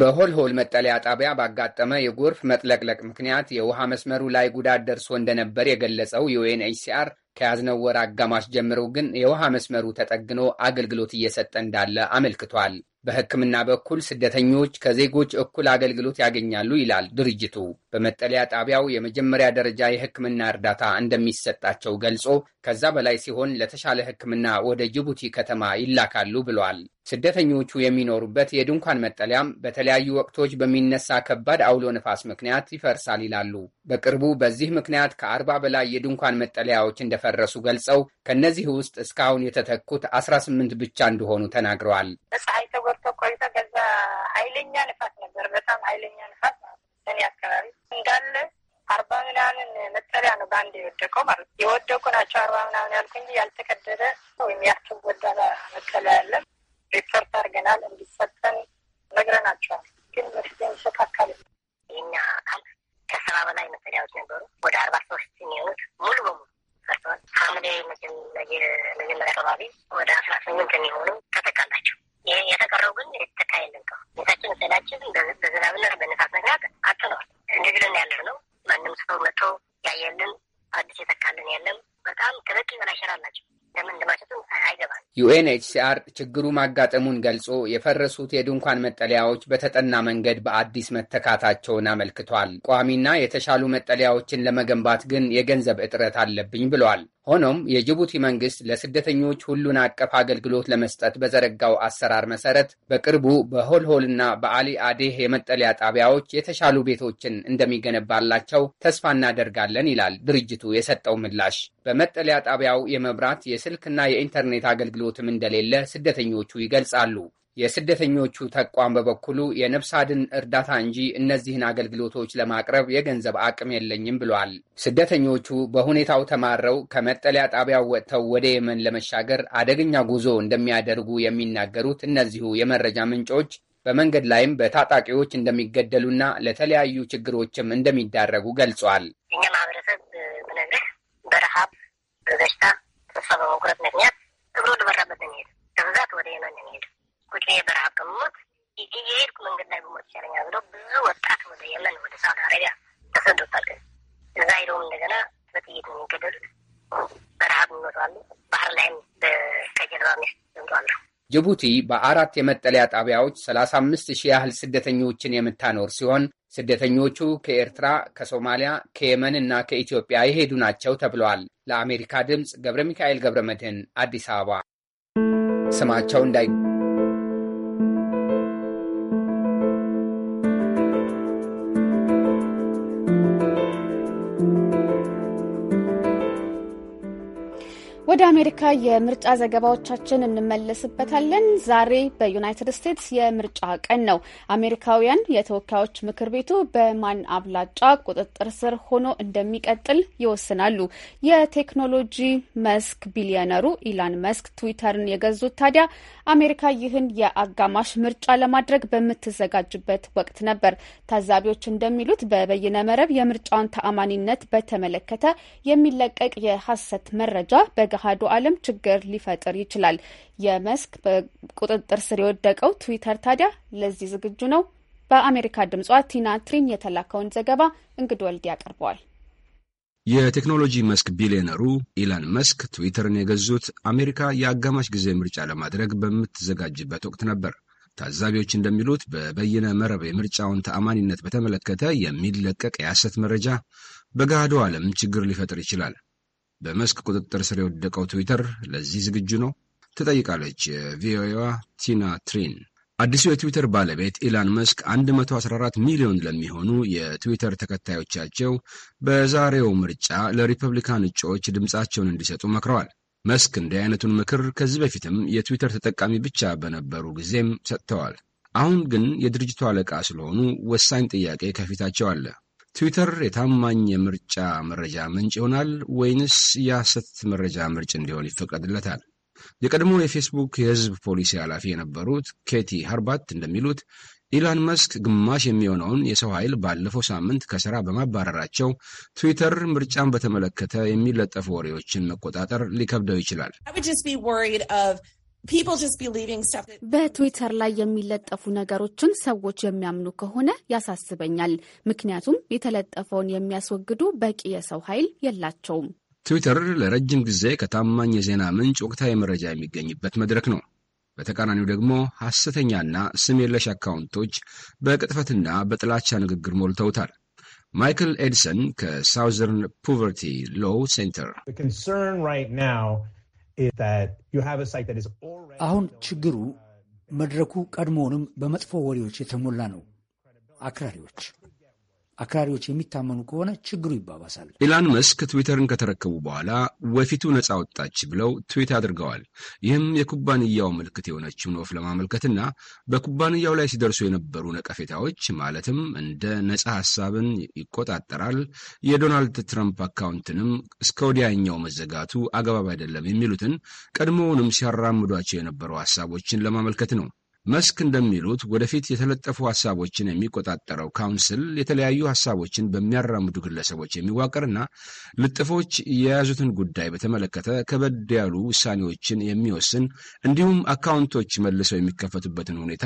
በሆልሆል መጠለያ ጣቢያ ባጋጠመ የጎርፍ መጥለቅለቅ ምክንያት የውሃ መስመሩ ላይ ጉዳት ደርሶ እንደነበር የገለጸው የዩኤንኤችሲአር ከያዝነው ወር አጋማሽ ጀምሮ ግን የውሃ መስመሩ ተጠግኖ አገልግሎት እየሰጠ እንዳለ አመልክቷል። በሕክምና በኩል ስደተኞች ከዜጎች እኩል አገልግሎት ያገኛሉ ይላል ድርጅቱ። በመጠለያ ጣቢያው የመጀመሪያ ደረጃ የሕክምና እርዳታ እንደሚሰጣቸው ገልጾ ከዛ በላይ ሲሆን ለተሻለ ሕክምና ወደ ጅቡቲ ከተማ ይላካሉ ብለዋል። ስደተኞቹ የሚኖሩበት የድንኳን መጠለያም በተለያዩ ወቅቶች በሚነሳ ከባድ አውሎ ነፋስ ምክንያት ይፈርሳል ይላሉ። በቅርቡ በዚህ ምክንያት ከአርባ በላይ የድንኳን መጠለያዎች እንደፈረሱ ገልጸው ከእነዚህ ውስጥ እስካሁን የተተኩት አስራ ስምንት ብቻ እንደሆኑ ተናግረዋል። ፀሐይ ተጎድቶ ከዛ ኃይለኛ ንፋስ ነበር። በጣም ኃይለኛ ንፋስ ሰኔ አካባቢ እንዳለ አርባ ምናምን መጠለያ ነው በአንድ የወደቀው ማለት ነው። የወደቁ ናቸው አርባ ምናምን ያልኩ እንጂ ያልተቀደደ ወይም ያልተጎዳ መጠለያ ያለን ሪፖርት አድርገናል። እንዲሰጠን ነግረናቸዋል። ግን መፍትሄ የሚሰጥ አካል ይህኛ አካል ከሰባ በላይ መጠለያዎች ነበሩ። ወደ አርባ ሶስት የሚሆኑት ሙሉ በሙሉ ሰርተዋል። ሐምሌ መጀመሪያ አካባቢ ወደ አስራ ስምንት የሚሆኑ ተጠቃላቸው። ይህ የተቀረው ግን የተካ የለም። ቤታችን ሰላችን በዝናብና በነፋስ ምክንያት አጥነዋል። እንደዚህ ለን ያለው ነው ማንም ሰው መጥቶ ያየልን አዲስ የተካልን የለም። በጣም ከበቂ በላይ ሸራ አላቸው። ዩኤንኤችሲአር ችግሩ ማጋጠሙን ገልጾ የፈረሱት የድንኳን መጠለያዎች በተጠና መንገድ በአዲስ መተካታቸውን አመልክቷል። ቋሚና የተሻሉ መጠለያዎችን ለመገንባት ግን የገንዘብ እጥረት አለብኝ ብሏል። ሆኖም የጅቡቲ መንግስት ለስደተኞች ሁሉን አቀፍ አገልግሎት ለመስጠት በዘረጋው አሰራር መሰረት በቅርቡ በሆልሆልና በአሊ አዴህ የመጠለያ ጣቢያዎች የተሻሉ ቤቶችን እንደሚገነባላቸው ተስፋ እናደርጋለን ይላል ድርጅቱ የሰጠው ምላሽ። በመጠለያ ጣቢያው የመብራት የስልክና የኢንተርኔት አገልግሎትም እንደሌለ ስደተኞቹ ይገልጻሉ። የስደተኞቹ ተቋም በበኩሉ የነፍስ አድን እርዳታ እንጂ እነዚህን አገልግሎቶች ለማቅረብ የገንዘብ አቅም የለኝም ብሏል። ስደተኞቹ በሁኔታው ተማረው ከመጠለያ ጣቢያው ወጥተው ወደ የመን ለመሻገር አደገኛ ጉዞ እንደሚያደርጉ የሚናገሩት እነዚሁ የመረጃ ምንጮች በመንገድ ላይም በታጣቂዎች እንደሚገደሉና ለተለያዩ ችግሮችም እንደሚዳረጉ ገልጿል። እኛ ማህበረሰብ በረሃብ በበሽታ ተስፋ በመቁረጥ ምክንያት ትብሎ ልመራበት ሄድ በብዛት ወደ የመን ሄድ ቁጭ ብዬ የሄድኩ መንገድ ላይ በሞት ይሻለኛል ብሎ ብዙ ወጣት ወደ የመን ወደ ሳውዲ አረቢያ ተሰዶታል። ግን እዛ ሄደውም እንደገና በጥይት ነው የሚገደሉት። በረሃብ ይሞቷሉ። ባህር ላይም ከጀልባ ሚስ ጅቡቲ በአራት የመጠለያ ጣቢያዎች 35 ሺህ ያህል ስደተኞችን የምታኖር ሲሆን ስደተኞቹ ከኤርትራ፣ ከሶማሊያ፣ ከየመን እና ከኢትዮጵያ የሄዱ ናቸው ተብለዋል። ለአሜሪካ ድምፅ ገብረ ሚካኤል ገብረ መድህን አዲስ አበባ ስማቸው እንዳይ ወደ አሜሪካ የምርጫ ዘገባዎቻችን እንመለስበታለን። ዛሬ በዩናይትድ ስቴትስ የምርጫ ቀን ነው። አሜሪካውያን የተወካዮች ምክር ቤቱ በማን አብላጫ ቁጥጥር ስር ሆኖ እንደሚቀጥል ይወስናሉ። የቴክኖሎጂ መስክ ቢሊዮነሩ ኢላን መስክ ትዊተርን የገዙት ታዲያ አሜሪካ ይህን የአጋማሽ ምርጫ ለማድረግ በምትዘጋጅበት ወቅት ነበር። ታዛቢዎች እንደሚሉት በበይነ መረብ የምርጫውን ተአማኒነት በተመለከተ የሚለቀቅ የሐሰት መረጃ በጋ የአህዱ ዓለም ችግር ሊፈጥር ይችላል። የመስክ በቁጥጥር ስር የወደቀው ትዊተር ታዲያ ለዚህ ዝግጁ ነው። በአሜሪካ ድምጿ ቲና ትሪን የተላከውን ዘገባ እንግድ ወልድ ያቀርበዋል። የቴክኖሎጂ መስክ ቢሊዮነሩ ኢላን መስክ ትዊተርን የገዙት አሜሪካ የአጋማሽ ጊዜ ምርጫ ለማድረግ በምትዘጋጅበት ወቅት ነበር። ታዛቢዎች እንደሚሉት በበይነ መረብ የምርጫውን ተአማኒነት በተመለከተ የሚለቀቅ የሐሰት መረጃ በገሃዱ ዓለም ችግር ሊፈጥር ይችላል። በመስክ ቁጥጥር ስር የወደቀው ትዊተር ለዚህ ዝግጁ ነው? ትጠይቃለች የቪኦኤዋ ቲና ትሪን። አዲሱ የትዊተር ባለቤት ኢላን መስክ 114 ሚሊዮን ለሚሆኑ የትዊተር ተከታዮቻቸው በዛሬው ምርጫ ለሪፐብሊካን እጩዎች ድምፃቸውን እንዲሰጡ መክረዋል። መስክ እንዲህ አይነቱን ምክር ከዚህ በፊትም የትዊተር ተጠቃሚ ብቻ በነበሩ ጊዜም ሰጥተዋል። አሁን ግን የድርጅቱ አለቃ ስለሆኑ ወሳኝ ጥያቄ ከፊታቸው አለ። ትዊተር የታማኝ የምርጫ መረጃ ምንጭ ይሆናል ወይንስ የሐሰት መረጃ ምርጭ እንዲሆን ይፈቀድለታል? የቀድሞ የፌስቡክ የሕዝብ ፖሊሲ ኃላፊ የነበሩት ኬቲ ሃርባት እንደሚሉት ኢላን መስክ ግማሽ የሚሆነውን የሰው ኃይል ባለፈው ሳምንት ከሥራ በማባረራቸው ትዊተር ምርጫን በተመለከተ የሚለጠፉ ወሬዎችን መቆጣጠር ሊከብደው ይችላል። በትዊተር ላይ የሚለጠፉ ነገሮችን ሰዎች የሚያምኑ ከሆነ ያሳስበኛል። ምክንያቱም የተለጠፈውን የሚያስወግዱ በቂ የሰው ኃይል የላቸውም። ትዊተር ለረጅም ጊዜ ከታማኝ የዜና ምንጭ ወቅታዊ መረጃ የሚገኝበት መድረክ ነው። በተቃራኒው ደግሞ ሐሰተኛና ስም የለሽ አካውንቶች በቅጥፈትና በጥላቻ ንግግር ሞልተውታል። ማይክል ኤድሰን ከሳውዘርን ፖቨርቲ ሎው ሴንተር አሁን ችግሩ uh, መድረኩ ቀድሞውንም በመጥፎ ወሬዎች የተሞላ ነው። አክራሪዎች አክራሪዎች የሚታመኑ ከሆነ ችግሩ ይባባሳል። ኢላን መስክ ትዊተርን ከተረከቡ በኋላ ወፊቱ ነፃ ወጣች ብለው ትዊት አድርገዋል። ይህም የኩባንያው ምልክት የሆነችውን ወፍ ለማመልከትና በኩባንያው ላይ ሲደርሱ የነበሩ ነቀፌታዎች ማለትም እንደ ነፃ ሀሳብን ይቆጣጠራል፣ የዶናልድ ትራምፕ አካውንትንም እስከ ወዲያኛው መዘጋቱ አግባብ አይደለም የሚሉትን ቀድሞውንም ሲያራምዷቸው የነበሩ ሀሳቦችን ለማመልከት ነው። መስክ እንደሚሉት ወደፊት የተለጠፉ ሀሳቦችን የሚቆጣጠረው ካውንስል የተለያዩ ሀሳቦችን በሚያራምዱ ግለሰቦች የሚዋቀርና ልጥፎች የያዙትን ጉዳይ በተመለከተ ከበድ ያሉ ውሳኔዎችን የሚወስን እንዲሁም አካውንቶች መልሰው የሚከፈቱበትን ሁኔታ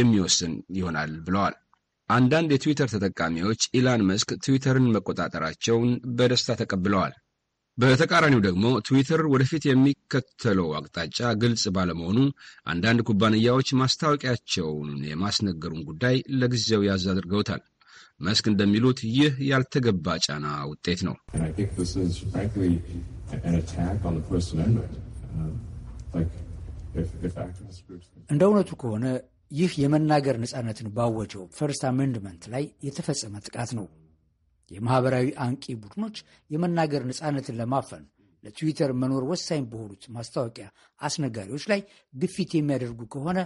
የሚወስን ይሆናል ብለዋል። አንዳንድ የትዊተር ተጠቃሚዎች ኢላን መስክ ትዊተርን መቆጣጠራቸውን በደስታ ተቀብለዋል። በተቃራኒው ደግሞ ትዊተር ወደፊት የሚከተለው አቅጣጫ ግልጽ ባለመሆኑ አንዳንድ ኩባንያዎች ማስታወቂያቸውን የማስነገሩን ጉዳይ ለጊዜው ያዝ አድርገውታል። መስክ እንደሚሉት ይህ ያልተገባ ጫና ውጤት ነው። uh, እንደ እውነቱ ከሆነ ይህ የመናገር ነፃነትን ባወጀው ፈርስት አሜንድመንት ላይ የተፈጸመ ጥቃት ነው። የማኅበራዊ አንቂ ቡድኖች የመናገር ነፃነትን ለማፈን ለትዊተር መኖር ወሳኝ በሆኑት ማስታወቂያ አስነጋሪዎች ላይ ግፊት የሚያደርጉ ከሆነ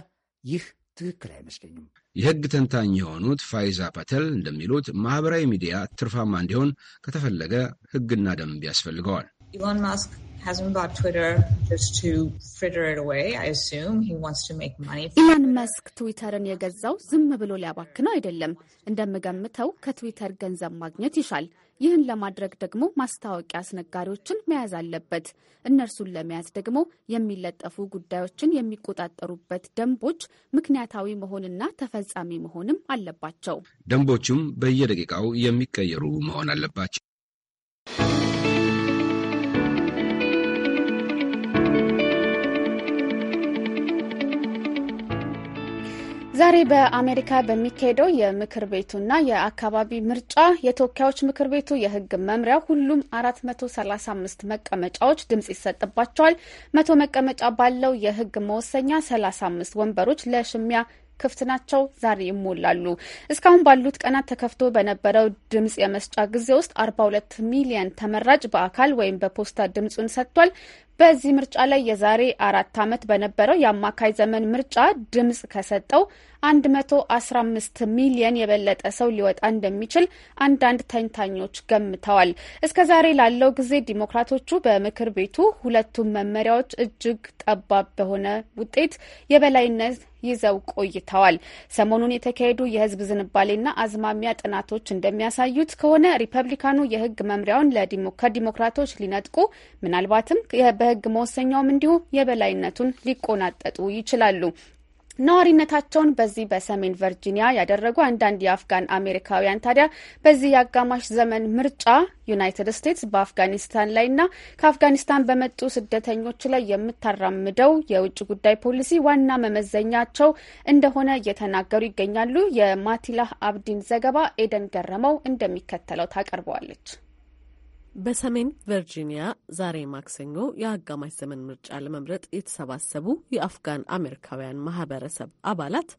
ይህ ትክክል አይመስለኝም። የሕግ ተንታኝ የሆኑት ፋይዛ ፓተል እንደሚሉት ማኅበራዊ ሚዲያ ትርፋማ እንዲሆን ከተፈለገ ሕግና ደንብ ያስፈልገዋል። ኢሎን ማስክ ኢላን መስክ ትዊተርን የገዛው ዝም ብሎ ሊያባክነው አይደለም። እንደምገምተው ከትዊተር ገንዘብ ማግኘት ይሻል። ይህን ለማድረግ ደግሞ ማስታወቂያ አስነጋሪዎችን መያዝ አለበት። እነርሱን ለመያዝ ደግሞ የሚለጠፉ ጉዳዮችን የሚቆጣጠሩበት ደንቦች ምክንያታዊ መሆንና ተፈጻሚ መሆንም አለባቸው። ደንቦቹም በየደቂቃው የሚቀየሩ መሆን አለባቸው። ዛሬ በአሜሪካ በሚካሄደው የምክር ቤቱና የአካባቢ ምርጫ የተወካዮች ምክር ቤቱ የሕግ መምሪያ ሁሉም 435 መቀመጫዎች ድምጽ ይሰጥባቸዋል። መቶ መቀመጫ ባለው የሕግ መወሰኛ 35 ወንበሮች ለሽሚያ ክፍት ናቸው። ዛሬ ይሞላሉ። እስካሁን ባሉት ቀናት ተከፍቶ በነበረው ድምጽ የመስጫ ጊዜ ውስጥ 42 ሚሊየን ተመራጭ በአካል ወይም በፖስታ ድምጹን ሰጥቷል። በዚህ ምርጫ ላይ የዛሬ አራት ዓመት በነበረው የአማካይ ዘመን ምርጫ ድምፅ ከሰጠው 115 ሚሊየን የበለጠ ሰው ሊወጣ እንደሚችል አንዳንድ ተንታኞች ገምተዋል። እስከ ዛሬ ላለው ጊዜ ዲሞክራቶቹ በምክር ቤቱ ሁለቱም መመሪያዎች እጅግ ጠባብ በሆነ ውጤት የበላይነት ይዘው ቆይተዋል። ሰሞኑን የተካሄዱ የህዝብ ዝንባሌና አዝማሚያ ጥናቶች እንደሚያሳዩት ከሆነ ሪፐብሊካኑ የህግ መምሪያውን ከዲሞክራቶች ሊነጥቁ ምናልባትም በህግ መወሰኛውም እንዲሁ የበላይነቱን ሊቆናጠጡ ይችላሉ። ነዋሪነታቸውን በዚህ በሰሜን ቨርጂኒያ ያደረጉ አንዳንድ የአፍጋን አሜሪካውያን ታዲያ በዚህ የአጋማሽ ዘመን ምርጫ ዩናይትድ ስቴትስ በአፍጋኒስታን ላይ እና ከአፍጋኒስታን በመጡ ስደተኞች ላይ የምታራምደው የውጭ ጉዳይ ፖሊሲ ዋና መመዘኛቸው እንደሆነ እየተናገሩ ይገኛሉ። የማቲላህ አብዲን ዘገባ ኤደን ገረመው እንደሚከተለው ታቀርበዋለች። በሰሜን ቨርጂኒያ ዛሬ ማክሰኞ የአጋማሽ ዘመን ምርጫ ለመምረጥ የተሰባሰቡ የአፍጋን አሜሪካውያን ማህበረሰብ አባላት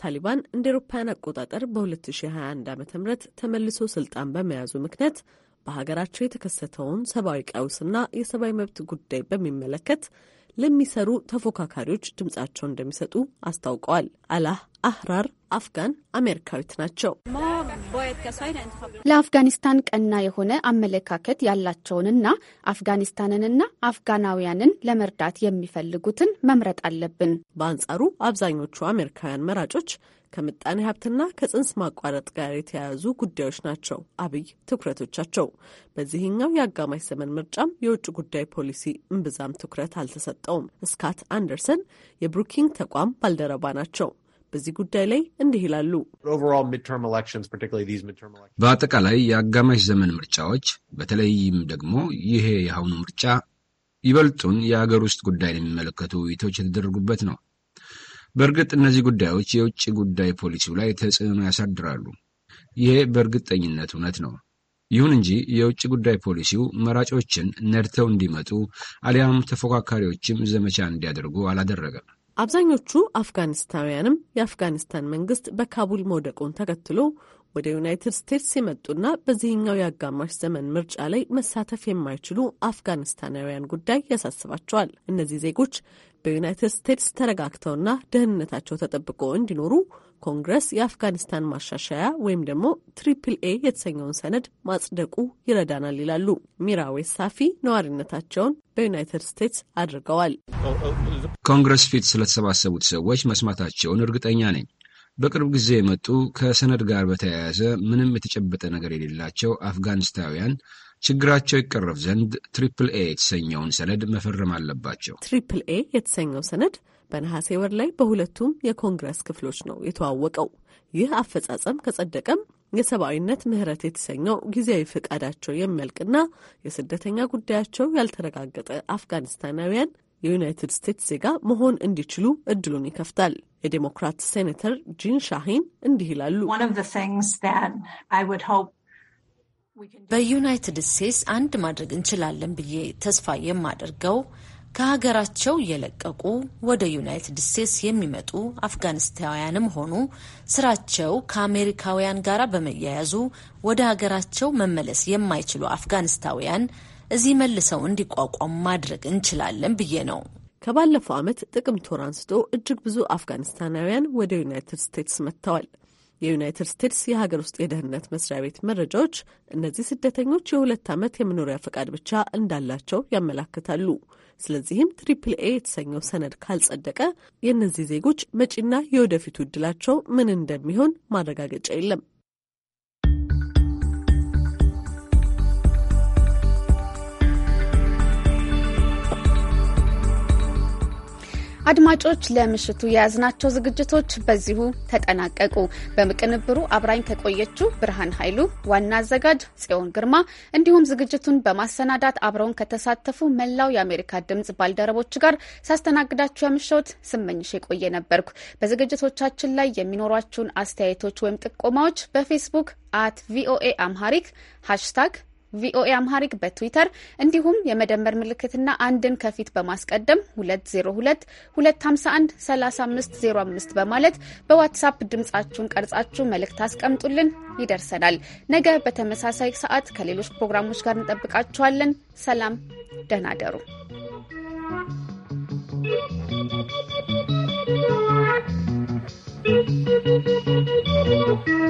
ታሊባን እንደ ኤሮፓያን አቆጣጠር በ2021 ዓ ም ተመልሶ ስልጣን በመያዙ ምክንያት በሀገራቸው የተከሰተውን ሰብአዊ ቀውስና የሰብአዊ መብት ጉዳይ በሚመለከት ለሚሰሩ ተፎካካሪዎች ድምጻቸውን እንደሚሰጡ አስታውቀዋል። አላህ አህራር አፍጋን አሜሪካዊት ናቸው። ለአፍጋኒስታን ቀና የሆነ አመለካከት ያላቸውንና አፍጋኒስታንንና አፍጋናውያንን ለመርዳት የሚፈልጉትን መምረጥ አለብን። በአንጻሩ አብዛኞቹ አሜሪካውያን መራጮች ከምጣኔ ሀብትና ከጽንስ ማቋረጥ ጋር የተያያዙ ጉዳዮች ናቸው አብይ ትኩረቶቻቸው። በዚህኛው የአጋማሽ ዘመን ምርጫም የውጭ ጉዳይ ፖሊሲ እምብዛም ትኩረት አልተሰጠውም። ስካት አንደርሰን የብሩኪንግ ተቋም ባልደረባ ናቸው። በዚህ ጉዳይ ላይ እንዲህ ይላሉ። በአጠቃላይ የአጋማሽ ዘመን ምርጫዎች፣ በተለይም ደግሞ ይሄ የአሁኑ ምርጫ ይበልጡን የአገር ውስጥ ጉዳይን የሚመለከቱ ውይይቶች የተደረጉበት ነው። በእርግጥ እነዚህ ጉዳዮች የውጭ ጉዳይ ፖሊሲው ላይ ተጽዕኖ ያሳድራሉ። ይሄ በእርግጠኝነት እውነት ነው። ይሁን እንጂ የውጭ ጉዳይ ፖሊሲው መራጮችን ነድተው እንዲመጡ አሊያም ተፎካካሪዎችም ዘመቻ እንዲያደርጉ አላደረገም። አብዛኞቹ አፍጋኒስታውያንም የአፍጋኒስታን መንግስት በካቡል መውደቁን ተከትሎ ወደ ዩናይትድ ስቴትስ የመጡና በዚህኛው የአጋማሽ ዘመን ምርጫ ላይ መሳተፍ የማይችሉ አፍጋኒስታናውያን ጉዳይ ያሳስባቸዋል። እነዚህ ዜጎች በዩናይትድ ስቴትስ ተረጋግተውና ደህንነታቸው ተጠብቆ እንዲኖሩ ኮንግረስ የአፍጋኒስታን ማሻሻያ ወይም ደግሞ ትሪፕል ኤ የተሰኘውን ሰነድ ማጽደቁ ይረዳናል ይላሉ። ሚራዌ ሳፊ ነዋሪነታቸውን በዩናይትድ ስቴትስ አድርገዋል። ኮንግረስ ፊት ስለተሰባሰቡት ሰዎች መስማታቸውን እርግጠኛ ነኝ። በቅርብ ጊዜ የመጡ ከሰነድ ጋር በተያያዘ ምንም የተጨበጠ ነገር የሌላቸው አፍጋኒስታውያን ችግራቸው ይቀረፍ ዘንድ ትሪፕል ኤ የተሰኘውን ሰነድ መፈረም አለባቸው። ትሪፕል ኤ የተሰኘው ሰነድ በነሐሴ ወር ላይ በሁለቱም የኮንግረስ ክፍሎች ነው የተዋወቀው። ይህ አፈጻጸም ከጸደቀም የሰብአዊነት ምህረት የተሰኘው ጊዜያዊ ፈቃዳቸው የሚያልቅና የስደተኛ ጉዳያቸው ያልተረጋገጠ አፍጋኒስታናውያን የዩናይትድ ስቴትስ ዜጋ መሆን እንዲችሉ እድሉን ይከፍታል። የዴሞክራት ሴኔተር ጂን ሻሂን እንዲህ ይላሉ። በዩናይትድ ስቴትስ አንድ ማድረግ እንችላለን ብዬ ተስፋ የማደርገው ከሀገራቸው የለቀቁ ወደ ዩናይትድ ስቴትስ የሚመጡ አፍጋኒስታውያንም ሆኑ ስራቸው ከአሜሪካውያን ጋር በመያያዙ ወደ ሀገራቸው መመለስ የማይችሉ አፍጋኒስታውያን እዚህ መልሰው እንዲቋቋም ማድረግ እንችላለን ብዬ ነው። ከባለፈው ዓመት ጥቅምት ወር አንስቶ እጅግ ብዙ አፍጋኒስታናውያን ወደ ዩናይትድ ስቴትስ መጥተዋል። የዩናይትድ ስቴትስ የሀገር ውስጥ የደህንነት መስሪያ ቤት መረጃዎች እነዚህ ስደተኞች የሁለት ዓመት የመኖሪያ ፈቃድ ብቻ እንዳላቸው ያመላክታሉ። ስለዚህም ትሪፕል ኤ የተሰኘው ሰነድ ካልጸደቀ የእነዚህ ዜጎች መጪና የወደፊቱ እድላቸው ምን እንደሚሆን ማረጋገጫ የለም። አድማጮች ለምሽቱ የያዝናቸው ዝግጅቶች በዚሁ ተጠናቀቁ። በቅንብሩ አብራኝ ከቆየችው ብርሃን ኃይሉ፣ ዋና አዘጋጅ ጽዮን ግርማ፣ እንዲሁም ዝግጅቱን በማሰናዳት አብረውን ከተሳተፉ መላው የአሜሪካ ድምጽ ባልደረቦች ጋር ሳስተናግዳችሁ ያምሾት ስመኝሽ የቆየ ነበርኩ። በዝግጅቶቻችን ላይ የሚኖሯችሁን አስተያየቶች ወይም ጥቆማዎች በፌስቡክ አት ቪኦኤ አምሃሪክ ሃሽታግ ቪኦኤ አምሃሪክ በትዊተር እንዲሁም የመደመር ምልክትና አንድን ከፊት በማስቀደም 2022513505 በማለት በዋትሳፕ ድምጻችሁን ቀርጻችሁ መልእክት አስቀምጡልን፣ ይደርሰናል። ነገ በተመሳሳይ ሰዓት ከሌሎች ፕሮግራሞች ጋር እንጠብቃችኋለን። ሰላም፣ ደህና ደሩ።